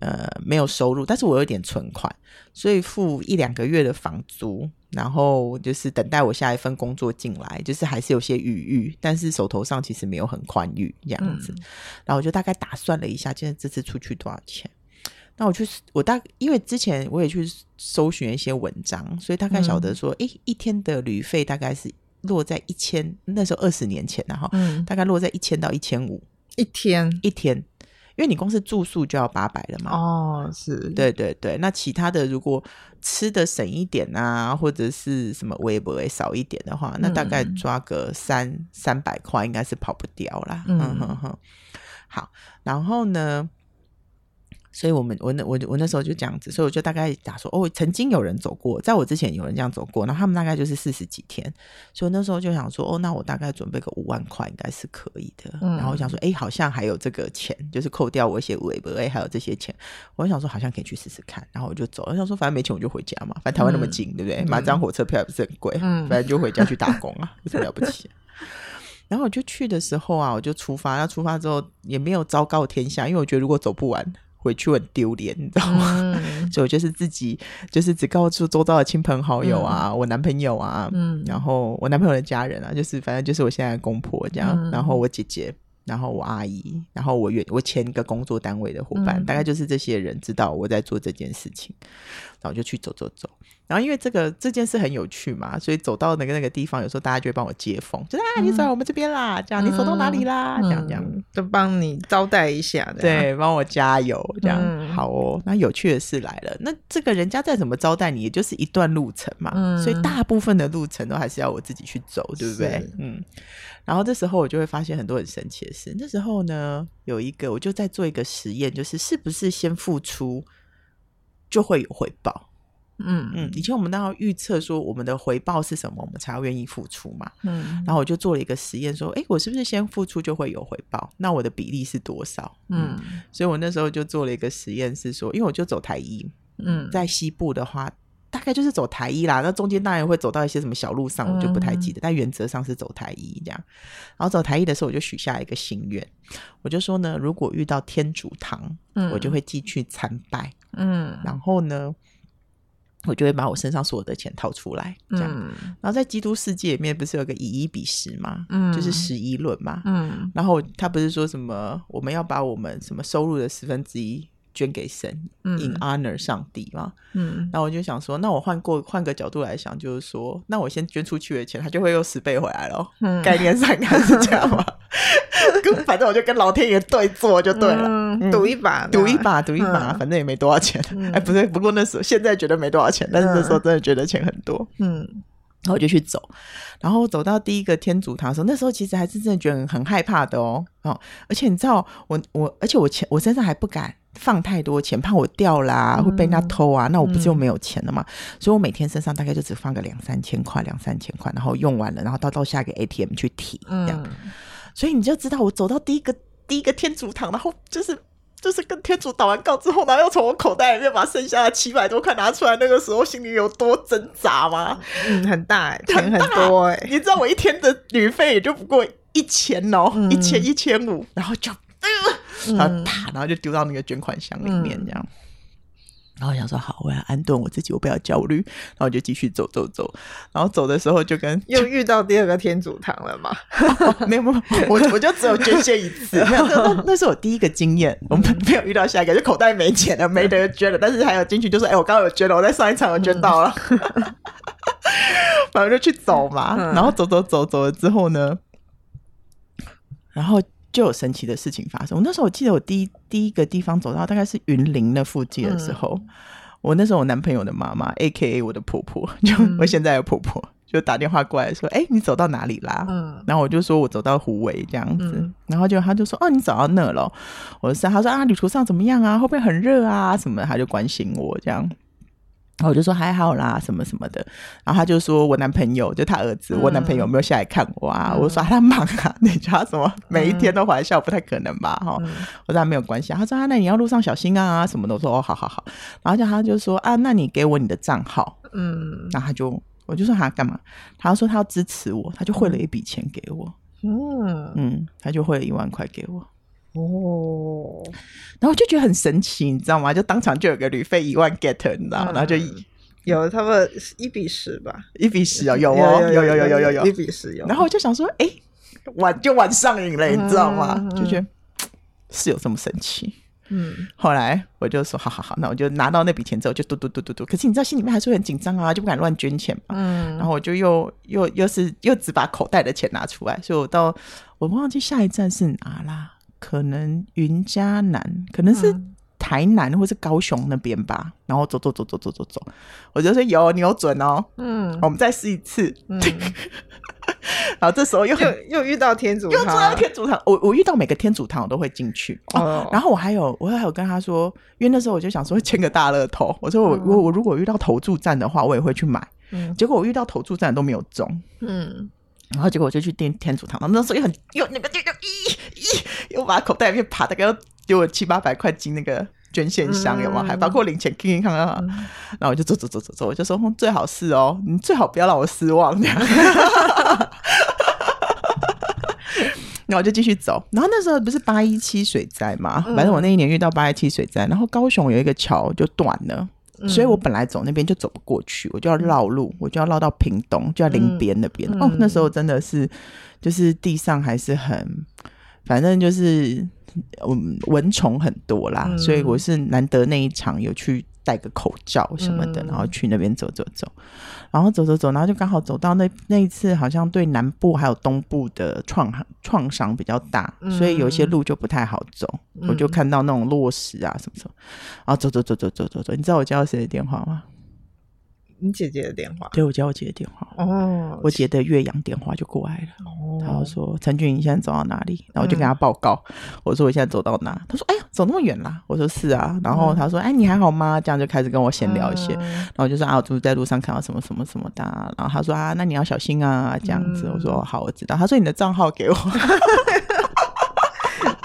Speaker 2: 呃，沒有收入，但是我有點存款，所以付一兩個月的房租，然後就是等待我下一份工作進來，就是還是有些餘裕，但是手頭上其實沒有很寬裕這樣子。嗯，然後我就大概打算了一下，現在這次出去多少錢。那我去，我大因為之前我也去搜尋一些文章，所以大概曉得說、嗯，欸，一天的旅費大概是落在一千，那時候二十年前，然、嗯、後大概落在一千到一千五一天一天，因為你光是住宿就要八百了嘛。哦，是對對對。那其他的如果吃的省一點啊，或者是什麼微博也少一點的話，那大概抓個三三百塊應該是跑不掉了。嗯哼哼。好，然後呢？所以我，我們我那我我那時候就這樣子，所以我就大概打說哦，曾經有人走過，在我之前有人這樣走過，然後他們大概就是四十幾天，所以那時候就想說哦，那我大概準備個五萬塊應該是可以的，嗯、然後我想說哎、欸，好像還有這個錢，就是扣掉我一些尾 e r 還有這些錢，我想說好像可以去試試看，然後我就走，我想說反正沒錢我就回家嘛，反正台灣那麼近，嗯、對不對？買張火車票也不是很貴、嗯，反正就回家去打工啊，有什麼了不起、啊？然後我就去的時候啊，我就出發，那出發之後也沒有昭告天下，因為我覺得如果走不完。回去很丟臉，你知道嗎？嗯、 所以我就是自己，就是只告訴周遭的親朋好友啊、嗯，我男朋友啊，嗯，然後我男朋友的家人啊，就是反正就是我現在的公婆這樣，嗯、然後我姐姐，然後我阿姨，然後我原我前一個工作單位的伙伴、嗯，大概就是這些人知道我在做這件事情，然後我就去走走走。然後因為這個這件事很有趣嘛，所以走到那個那個地方，有時候大家就會幫我接風，就是啊、嗯，你走到我們這邊啦，這樣、嗯、你走到哪裡啦，這樣這樣都幫你招待一下，對，幫我加油這樣、嗯。好哦，那有趣的事來了，那這個人家再怎麼招待你，也就是一段路程嘛、嗯，所以大部分的路程都還是要我自己去走，對不對？嗯。然後這時候我就會發現很多很神奇的事。那時候呢，有一個我就在做一個實驗，就是是不是先付出就會有回報。嗯嗯，以前我們都要預測說我們的回報是什麼，我們才要願意付出嘛。嗯，然後我就做了一個實驗，說，哎、欸，我是不是先付出就會有回報？那我的比例是多少？嗯，所以我那時候就做了一個實驗，是說，因為我就走台一。嗯，在西部的話，大概就是走台一啦。那中間當然會走到一些什麼小路上，我就不太記得。嗯、但原則上是走台一這樣。然後走台一的時候，我就許下一個心願，我就說呢，如果遇到天主堂，嗯、我就會繼續參拜。嗯，然後呢？我就會把我身上所有的錢掏出來，這樣。嗯、然後在基督世界裡面，不是有個以一,一比十嗎？嗯、就是十一論嘛、嗯。然後他不是說什麼我們要把我們什麼收入的十分之一。捐給神、嗯、in honor 上帝嘛。嗯，然後我就想說，那我換過換個角度來想，就是說，那我先捐出去的錢，他就會有十倍回來了。嗯，概念上應該是這樣吧。跟、嗯、 反正我就跟老天爺對坐就對了、嗯賭嗯賭嗯，賭一把，賭一把，賭一把，反正也沒多少錢。嗯、哎，不對，不過那時候現在覺得沒多少錢，但是那時候真的覺得錢很多。嗯，然後我就去走，然後走到第一個天主堂的時候，那時候其實還是真的覺得很害怕的哦。哦，而且你知道，我我，而且我錢我身上還不敢。放太多錢，怕我掉啦、啊，會被人家偷啊、嗯！那我不就又沒有錢了嘛、嗯？所以我每天身上大概就只放個兩三千塊，兩三千塊，然後用完了，然後到到下個 ATM 去提這樣。嗯，所以你就知道我走到第一個第一個天主堂，然後就是就是跟天主禱完告之後，然後又從我口袋裡面把剩下的七百多塊拿出來，那個時候心裡有多掙扎嗎？嗯、很大、欸錢很大啊，錢很多、欸、你知道我一天的旅費也就不過一千哦、喔嗯，一千一千五，然後就。呃然後打，然後就丟到那個捐款箱裡面，這樣。嗯、然後我想說，好，我要安頓我自己，我不要焦慮。然後我就繼續走走走。然後走的時候，就跟
Speaker 1: 又遇到第二個天主堂了嘛、
Speaker 2: 哦？沒有沒有， 我我就只有捐獻一次 那，那是我第一個經驗。我們沒有遇到下一個，就口袋沒錢了， 沒得捐了。但是還有進去，就是哎、欸，我剛剛有捐了，我在上一場我捐到了。嗯、 反正就去走嘛。嗯、然後走走走走了之後呢，然後。就有神奇的事情發生。我那時候我記得我第一第一個地方走到大概是雲林的附近的時候、嗯，我那時候我男朋友的媽媽，AKA 我的婆婆，就、嗯、我現在的婆婆，就打電話過來說：“哎、欸，你走到哪裡啦？”嗯，然後我就說我走到虎尾這樣子，嗯、然後就他就說：“哦，你走到那了。我說，他說：“啊，旅途上怎麼樣啊？會不會很熱啊？什麼的？”他就關心我這樣。我就說還好啦，什麼什麼的。然後他就說我男朋友就他兒子，嗯、我男朋友有沒有下來看我啊？嗯、我說他忙啊，你叫他什麼、嗯、每一天都玩笑，不太可能吧？嗯、我說他沒有關係啊。他說啊，那你要路上小心啊，啊什麼的。我說哦，好好好。然後他就說啊，那你給我你的賬號。嗯，然後他就我就說他、啊、幹嘛？他說他要支持我，他就匯了一筆錢給我。
Speaker 1: 嗯
Speaker 2: 嗯，他就匯了一萬塊給我。哦、oh.，然後我就覺得很神奇，你知道嗎？就當場就有個旅費一萬 get，你知道、um, 然後就有差不多一比十吧，一比十啊、哦，有哦，有有有有有有，一比十有。然後我就想說，哎、欸，玩就玩上癮了，你知道嗎？Uh, uh, uh, 就覺得是有這麼神奇。嗯、um,，後來我就說，好好好，那我就拿到那筆錢之後，就嘟、嘟嘟嘟嘟嘟。可是你知道，心裡面還是會很緊張啊，就不敢亂捐錢嘛。嗯、um,，然後我就又又又是又只把口袋的錢拿出來，所以我到我忘記下一站是哪啦。可能雲嘉南，可能是台南或是高雄那邊吧、嗯。然後走走走走走走我就說有你有準哦、喔，嗯，我們再試一次。嗯， 然後這時候又又,
Speaker 1: 又遇到天主堂，又遇到
Speaker 2: 天主堂。我我遇到每個天主堂我都會進去哦。哦，然後我還有我還有跟他說，因為那時候我就想說簽個大樂透，我說我、嗯、我如果遇到投注站的話，我也會去買。嗯，結果我遇到投注站都沒有中。嗯，然後結果我就去訂天主堂。那時候又很又那個就又咦咦。我把口袋裡面扒的，大概要給我七八百塊金那個捐獻箱、嗯、有嗎？還包括零錢，聽聽看看啊、嗯。然後我就走走走走走，我就說最好是哦、喔，你最好不要讓我失望。這樣 然後我就繼續走。然後那時候不是八一七水災嘛？反、嗯、正我那一年遇到八一七水災。然後高雄有一個橋就斷了、嗯，所以我本來走那邊就走不過去，我就要繞路、嗯，我就要繞到屏東，就要林邊那邊、嗯。哦，那時候真的是，就是地上還是很。反正就是蚊蚊蟲很多啦、嗯，所以我是難得那一場有去戴個口罩什麼的，嗯、然後去那邊走走走，然後走走走，然後就剛好走到那那一次好像對南部還有東部的創創傷比較大，所以有些路就不太好走、嗯，我就看到那種落石啊什麼什麼，然後走走走走走走走，你知道我接到誰的電話嗎？
Speaker 1: 你姐姐的電
Speaker 2: 話？對，我接我姐的電話。哦、oh，我姐的越洋電話就過來了。哦、oh，然後說陳俊，你現在走到哪裡？然後我就跟他報告，嗯、我說我現在走到哪？他說：“哎呀，走那麼遠啦。”我說：“是啊。”然後他說、嗯：“哎，你還好嗎？”這樣就開始跟我閒聊一些。嗯、然後我就說：“啊，我就是在路上看到什麼什麼什麼的、啊。”然後他說：“啊，那你要小心啊，這樣子。嗯”我說：“好，我知道。”他說：“你的賬號給我。”哈！哈哈！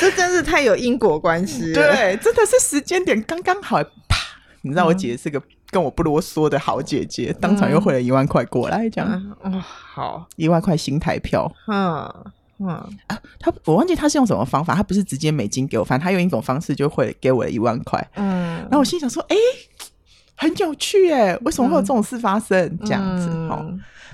Speaker 2: 這真是太有因果
Speaker 1: 關係。對，
Speaker 2: 真的是時間點剛剛好，啪！你知道我姐是個、嗯。跟我不囉嗦的好姐姐，當場又匯了一萬塊過來，嗯、這樣哇、啊哦，好一萬塊新台票，嗯嗯啊，他我忘記他是用什麼方法，他不是直接美金給我翻，反正他用一種方式就會給我一萬塊，嗯，然後我心想說，哎、欸，很有趣誒，為什麼會有這種事發生？嗯、這樣子，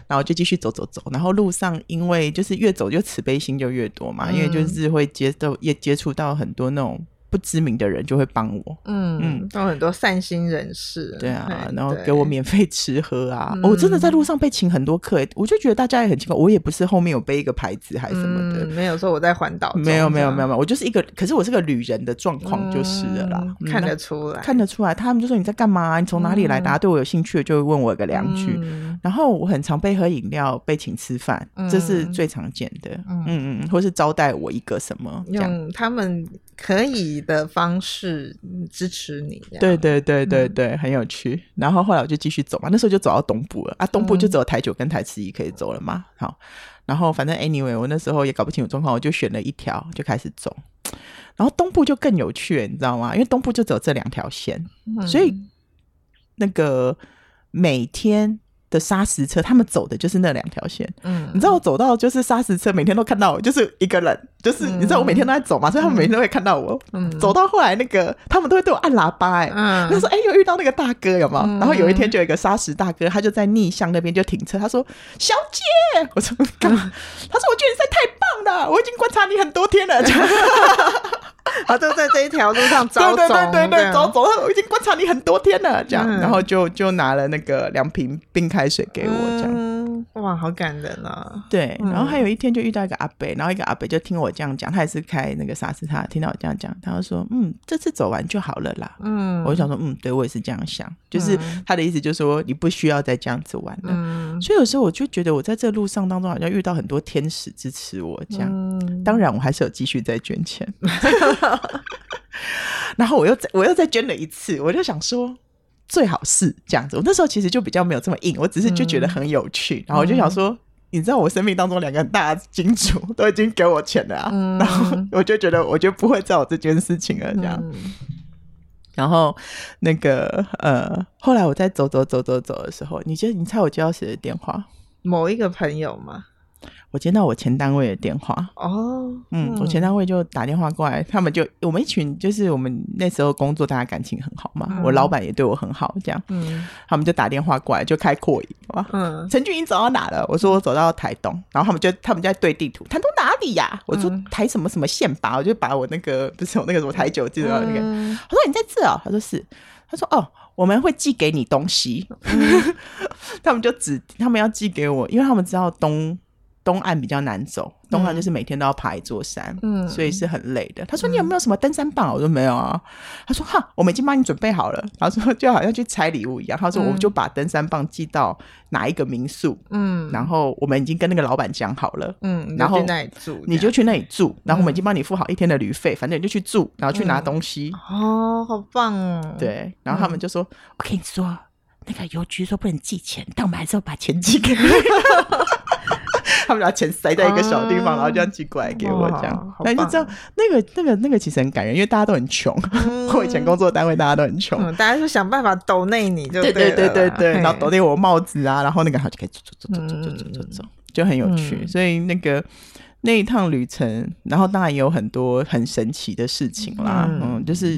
Speaker 2: 然後我就繼續走走走，然後路上因為就是越走就慈悲心就越多嘛，嗯、因為就是會接都也接觸到很多那種。不知名的人就會幫我，
Speaker 1: 嗯，嗯，有很多善心人士，對啊，嗯、然後給
Speaker 2: 我免費吃喝啊，我、哦、真的在路上被請很多客、欸嗯，我就覺得大家也很奇怪，我也不是後面有背一個牌子還是什麼的、嗯，沒有說我在環島，沒有沒有沒有沒有，我就是一個，可是我是個旅人的狀況就是了啦、嗯嗯，看得出來，看得出來，他們就說你在幹嘛，你從哪裡來的、啊，大、嗯、家對我有興趣的就會問我一個兩句、嗯，然後我很常被喝飲料，被請吃飯、嗯，這是最常見的，嗯嗯，嗯，或是招待我一個什麼，嗯，
Speaker 1: 樣他們。可以的方式支持你，對對對對
Speaker 2: 對、嗯，很有趣。然後後來我就繼續走嘛，那時候就走到東部了啊，東部就只有台九跟台十一可以走了嘛、嗯。好，然後反正 anyway，我那時候也搞不清楚狀況，我就選了一條就開始走。然後東部就更有趣了，你知道嗎？因為東部就只有這兩條線，嗯、所以那個每天。的砂石車，他們走的就是那兩條線。嗯，你知道我走到就是砂石車，每天都看到我，就是一個人，就是、嗯、你知道我每天都在走嘛，所以他們每天都會看到我。嗯，走到後來，那個他們都會對我按喇叭、欸，哎、嗯，他說：“哎、欸，又遇到那個大哥，有嗎、嗯？”然後有一天就有一個砂石大哥，他就在逆向那邊就停車，他說：“嗯、小姐，我說幹嘛、嗯？”他說：“我覺得你實在太棒了，我已經觀察你很多天了。就” 他、 啊、就在這一條路上走走，走對對對對，走走。我已經觀察你很多天了，這樣，嗯、然後就就拿了那個兩瓶冰開水給我，嗯、這樣。哇，好感人啊、哦！對、嗯，然後還有一天就遇到一個阿北，然後一個阿北就聽我這樣講，他也是開那個啥是，他聽到我這樣講，他就說：“嗯，這次走完就好了啦。”
Speaker 1: 嗯，我就想說：“
Speaker 2: 嗯，對，我也是這樣想。”就是他的意思，就是說你不需要再這樣子玩了。嗯、所以有時候我就覺得，我在這路上當中好像遇到很多天使支持我這樣。嗯、當然，我還是有繼續在捐錢， 然後我又再，我又再捐了一次，我就想說。最好是這樣子。我那時候其實就比較沒有這麼硬，我只是就覺得很有趣，嗯、然後我就想說、嗯，你知道我生命當中兩個大金主都已經給我錢了啊，嗯、然後我就覺得，我就不會再有這件事情了這樣。嗯、然後那個呃，後來我在走走走走走的時候，你得你猜我接到誰的電話？某一個朋友嗎？我接到我前單位的電話哦、oh, 嗯，嗯，我前單位就打電話過來，他們就我們一群，就是我們那時候工作，大家感情很好嘛，嗯、我老板也對我很好，這樣，嗯，他們就打電話過來就開擴音，哇，嗯，陳俊英走到哪了？我說我走到台東，然後他們就他們就在對地圖，台東哪裡呀、啊？我說台什麼什麼線吧，我就把我那個不是我那個什麼台九記得那個，他、嗯、說你在這哦、喔，他說是，他說，他說哦，我們會寄給你東西，嗯、 他們就指他們要寄給我，因為他們知道東。東岸比較難走，東岸就是每天都要爬一座山，嗯，所以是很累的。他說：“你有沒有什麼登山棒？”嗯、我說：“沒有啊。”他說：“哈，我們已經幫你準備好了。”他說：“就好像去拆禮物一樣。嗯”他說：“我們就把登山棒寄到哪一個民宿，嗯，然後我們已經跟那個老闆講好了，嗯，然後你就去那裡住，你就去那裡住。然後我們已經幫你付好一天的旅費、嗯，反正你就去住，然後去拿東西、嗯。哦，好棒哦！對，然後他們就說：‘嗯、我跟你說，那個郵局說不能寄錢，但我們還是要把錢寄給你。 ’”他們把錢塞在一個小地方，嗯、然後就這樣寄過來給我，這樣，那就這樣。那個、那個、那個，其實很感人，因為大家都很窮。嗯、 我以前工作的單位，大家都很窮，嗯、
Speaker 1: 大家就想辦法抖內你就對，對對對對對，然後抖內我
Speaker 2: 帽子啊，然後那個就可以走走走走走走走走，就很有趣。嗯、所以那個那一趟旅程，然後當然也有很多很神奇的事情啦。嗯，就、嗯、是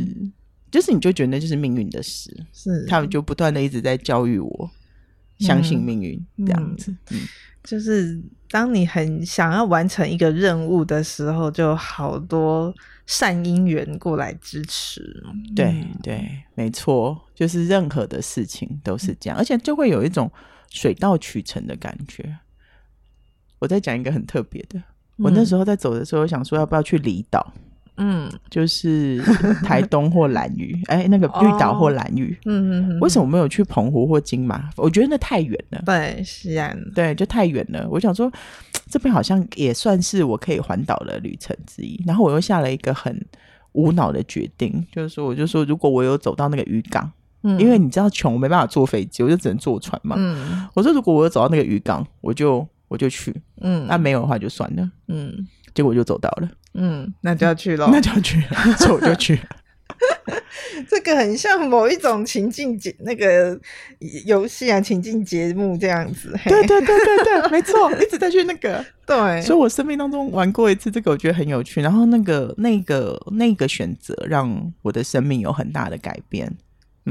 Speaker 2: 就是，就是、你就覺得那就是命運的事，是他們就不斷的一直在教育我，
Speaker 1: 相信命
Speaker 2: 運這樣
Speaker 1: 子。嗯。嗯嗯就是當你很想要完成一個任務的時候，就好多善因緣過來支持。嗯、對
Speaker 2: 對，沒錯，就是任何的事情都是這樣，嗯、而且就會有一種水到渠成的感覺。我再講一個很特別的，我那時候在走的時候，我想說要不要去離島。嗯嗯，就是台東或蘭嶼，哎、 欸，那個綠島或蘭嶼，嗯、哦、嗯，為什麼我沒有去澎湖或金馬？嗯、哼哼，我覺得那太遠了。對，是啊，對，就太遠了。我想說，這邊好像也算是我可以環島的旅程之一。然後我又下了一個很無腦的決定，就是說，我就說，如果我有走到那個漁港，嗯，因為你知道窮，我沒辦法坐飛機，我就只能坐船嘛、嗯。我說如果我有走到那個漁港，我就我就去，嗯，那、啊、沒有的話就算了，嗯。結果就走到了。
Speaker 1: 嗯，那就要去咯，嗯、那就要去了，走 就去。 這個很像某一種情境節那個遊戲啊，情境節目這
Speaker 2: 樣子。對對對對對， 沒錯，一直在去那個。 對，所以我生命當中玩過一次這個，我覺得很有趣。然後那個那個那個選擇，讓我的生命有很大的改變。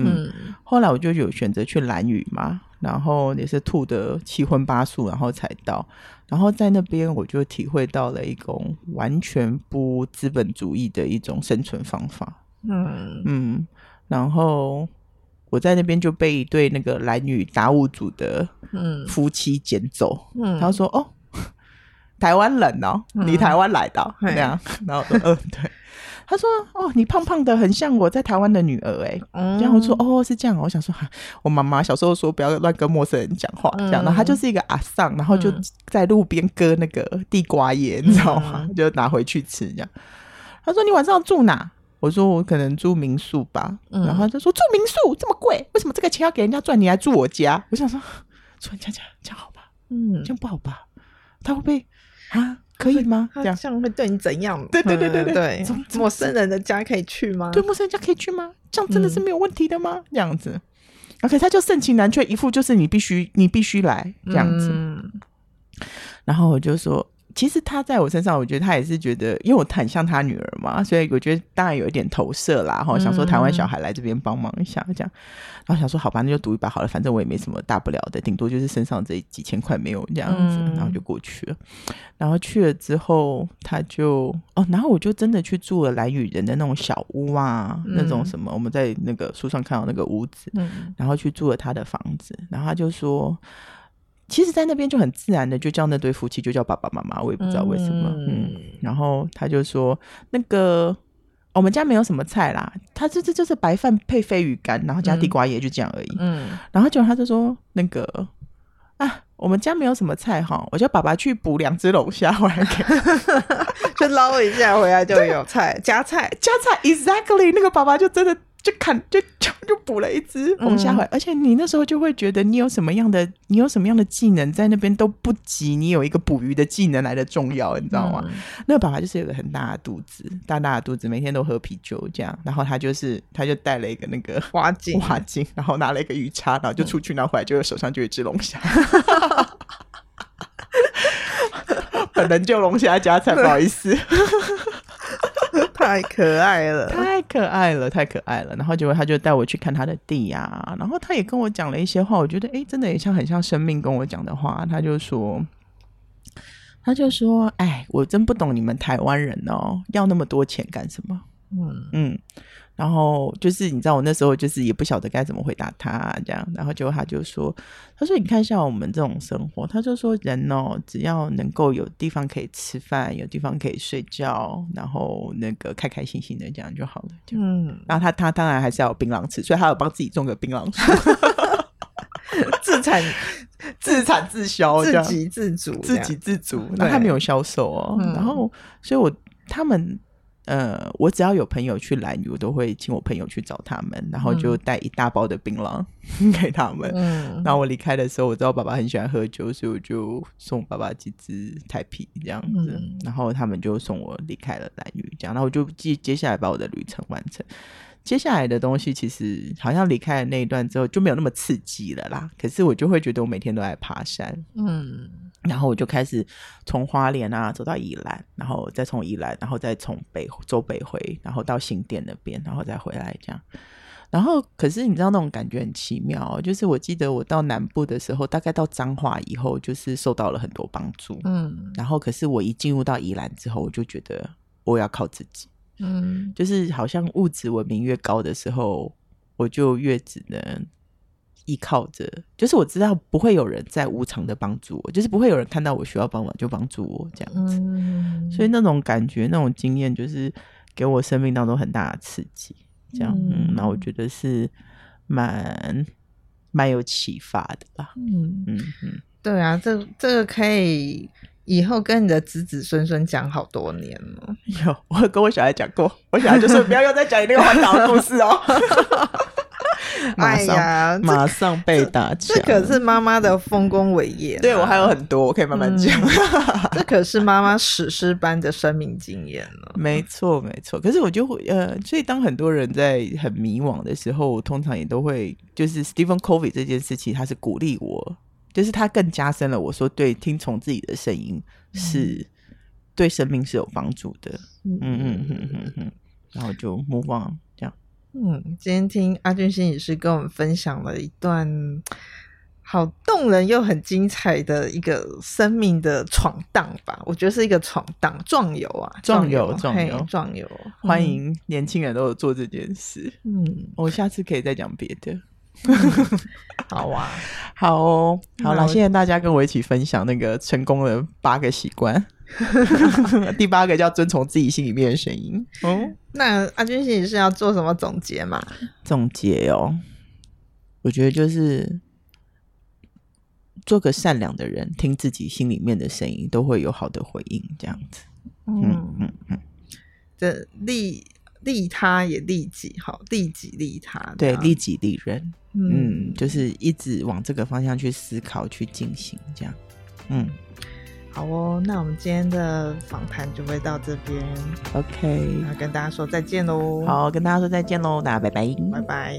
Speaker 2: 嗯，後來我就有選擇去蘭嶼嘛，然後也是吐得七葷八素，然後才到。然後在那邊我就體會到了一種完全不資本主義的一種生存方法。嗯嗯，然後我在那邊就被一對那個蘭嶼達悟族的夫妻撿走。嗯，他說：“哦，台灣人哦，嗯、你台灣來的、哦？那、嗯、樣？”然後嗯、 呃，對。他說：“哦，你胖胖的，很像我在台灣的女兒。嗯”然後我說：“哦，是這樣。”我想說：“啊、我媽媽小時候說，不要亂跟陌生人講話。嗯”這樣，然後她就是一個阿桑然後就在路邊割那個地瓜葉、嗯，你知道嗎？就拿回去吃。這樣，嗯、他說：“你晚上住哪？”我說：“我可能住民宿吧。嗯”然後他就說：“住民宿這麼貴，為什麼這個錢要給人家賺？你來住我家？”我想說：“住人家家，這樣好吧？嗯，這樣不好吧？他會不會啊？”可以嗎？這樣會對你怎樣？對對對對對,對，從、嗯、陌生人的家可以去嗎？對，陌生人家可以去嗎？這樣真的是沒有問題的嗎？嗯、這樣子，而、okay, 且他就盛情難卻，一副就是你必須，你必須來這樣子、嗯。然後我就說。其實他在我身上，我覺得他也是覺得，因為我很像他女兒嘛，所以我覺得當然有一點投射啦。哈、嗯，想說台灣小孩來這邊幫忙一下這樣，然後想說好吧，那就賭一把好了，反正我也沒什麼大不了的，頂多就是身上這幾千塊沒有這樣子，嗯、然後就過去了。然後去了之後，他就哦，然後我就真的去住了來與人的那種小屋啊，嗯、那種什麼我們在那個書上看到那個屋子、嗯，然後去住了他的房子，然後他就說。其實，在那邊就很自然的就叫那對夫妻就叫爸爸媽媽，我也不知道為什麼。嗯，嗯，然後他就說，那個我們家沒有什麼菜啦，他這這就是白飯配飛魚乾，然後加地瓜葉，就這樣而已。嗯，嗯，然後就他就說，那個啊，我們家沒有什麼菜哈，我叫爸爸去捕兩隻龍蝦回來， 就撈一下 回來就有菜，加菜加菜，exactly 那個爸爸就真的。就看，就就就捕了一隻龍蝦回來，嗯，而且你那時候就會覺得你有什麼樣的你有什麼樣的技能在那邊都不及你有一個捕魚的技能來的重要，你知道嗎？嗯、那個爸爸就是有一個很大的肚子，大大的肚子，每天都喝啤酒，這樣，然後他就是他就帶了一個那個蛙鏡蛙鏡，然後拿了一個魚叉，然後就出去，嗯、然後回來就有手上就有一隻龍蝦， 本能就龍蝦加菜，不好意思。太可愛了， 太可愛了，太可愛了。然後結果他就帶我去看他的地啊，然後他也跟我講了一些話，我覺得欸，真的也像很像生命跟我講的話。他就說，他就說，哎，我真不懂你們台灣人哦，要那麼多錢幹什麼？嗯嗯。然後就是你知道，我那時候就是也不曉得該怎麼回答他、啊、這樣，然後結果他就說，他說你看像我們這種生活，他就說人哦，只要能夠有地方可以吃飯，有地方可以睡覺，然後那個開開心心的這樣就好了。嗯，然後他他當然還是要有檳榔吃，所以他有幫自己種個檳榔樹， 自產殘 自產自銷，自給自足，自給自足。那他沒有銷售哦，嗯、然後所以我他們。呃、嗯，我只要有朋友去蘭嶼，我都會請我朋友去找他們，然後就帶一大包的檳榔、嗯、 給他們。那然後我離開的時候，我知道我爸爸很喜歡喝酒，所以我就送我爸爸幾支台啤這樣子、嗯。然後他們就送我離開了蘭嶼，這樣。然後我就接接下來把我的旅程完成。接下來的東西其實好像離開了那一段之後就沒有那麼刺激了啦。可是我就會覺得我每天都在爬山，嗯，然後我就開始從花蓮啊走到宜蘭，然後再從宜蘭，然後再從北走北回，然後到新店那邊，然後再回來這樣。然後可是你知道那種感覺很奇妙哦，就是我記得我到南部的時候，大概到彰化以後，就是受到了很多幫助，嗯。然後可是我一進入到宜蘭之後，我就覺得我要靠自己。嗯，就是好像物質文明越高的時候，我就越只能依靠着，就是我知道不會有人在無償的幫助我，就是不會有人看到我需要幫忙就幫助我這樣子、嗯，所以那種感覺、那種經驗，就是給我生命當中很大的刺激。這樣，那、嗯、我覺得是蠻蠻有啟發的吧。嗯
Speaker 1: 嗯嗯，對啊，這這個可以。以後跟你的子子孫孫講好多年
Speaker 2: 了。有，我跟我小孩講過，我小孩就說不要又再講那個環島的故事哦。 哎呀，馬上被打槍，這、這、這可
Speaker 1: 是媽媽的豐功偉業啊。對，我還有很
Speaker 2: 多我可以慢慢講。 嗯，這可是媽媽史詩般的生命經驗了。沒錯，沒錯。可是我就會呃，所以當很多人在很迷惘的時候，我通常也都會就是 Stephen Covey 這件事情，他是鼓勵我。就是他更加深了，我說對，聽從自己的聲音是對生命是有幫助的。嗯嗯嗯嗯嗯、嗯，然後就 move on 這樣。嗯，今
Speaker 1: 天聽阿俊心理師跟我們分享了一段好動人又很精彩的一個生命的闖蕩吧，我覺得是一個闖蕩壯遊
Speaker 2: 啊，壯遊壯遊壯遊、壯遊、嗯，歡迎年輕人都有做這件事。嗯，哦、我下次可以再講別的。 好啊，好，哦，好了，謝、嗯、謝大家跟我一起分享那個成功的八個習慣， 第八個叫遵從自己心裡面的聲音。
Speaker 1: 哦、 嗯，那阿俊心你是要做什麼總結嘛？
Speaker 2: 總結哦，我覺得就是做個善良的人，聽自己心裡面的聲音，都會有好的回應，這樣子。嗯嗯
Speaker 1: 嗯，這、嗯、立。 利他也利己，好，利己利
Speaker 2: 他，對，利己利人，嗯，嗯，就是一直往這個方向去思考、去進行這樣，嗯，
Speaker 1: 好哦，那我們今天的訪談就會到這邊
Speaker 2: ，OK，嗯，那
Speaker 1: 跟大家說再見嘍，好，
Speaker 2: 跟大家說再見嘍，大家拜拜，
Speaker 1: 拜拜。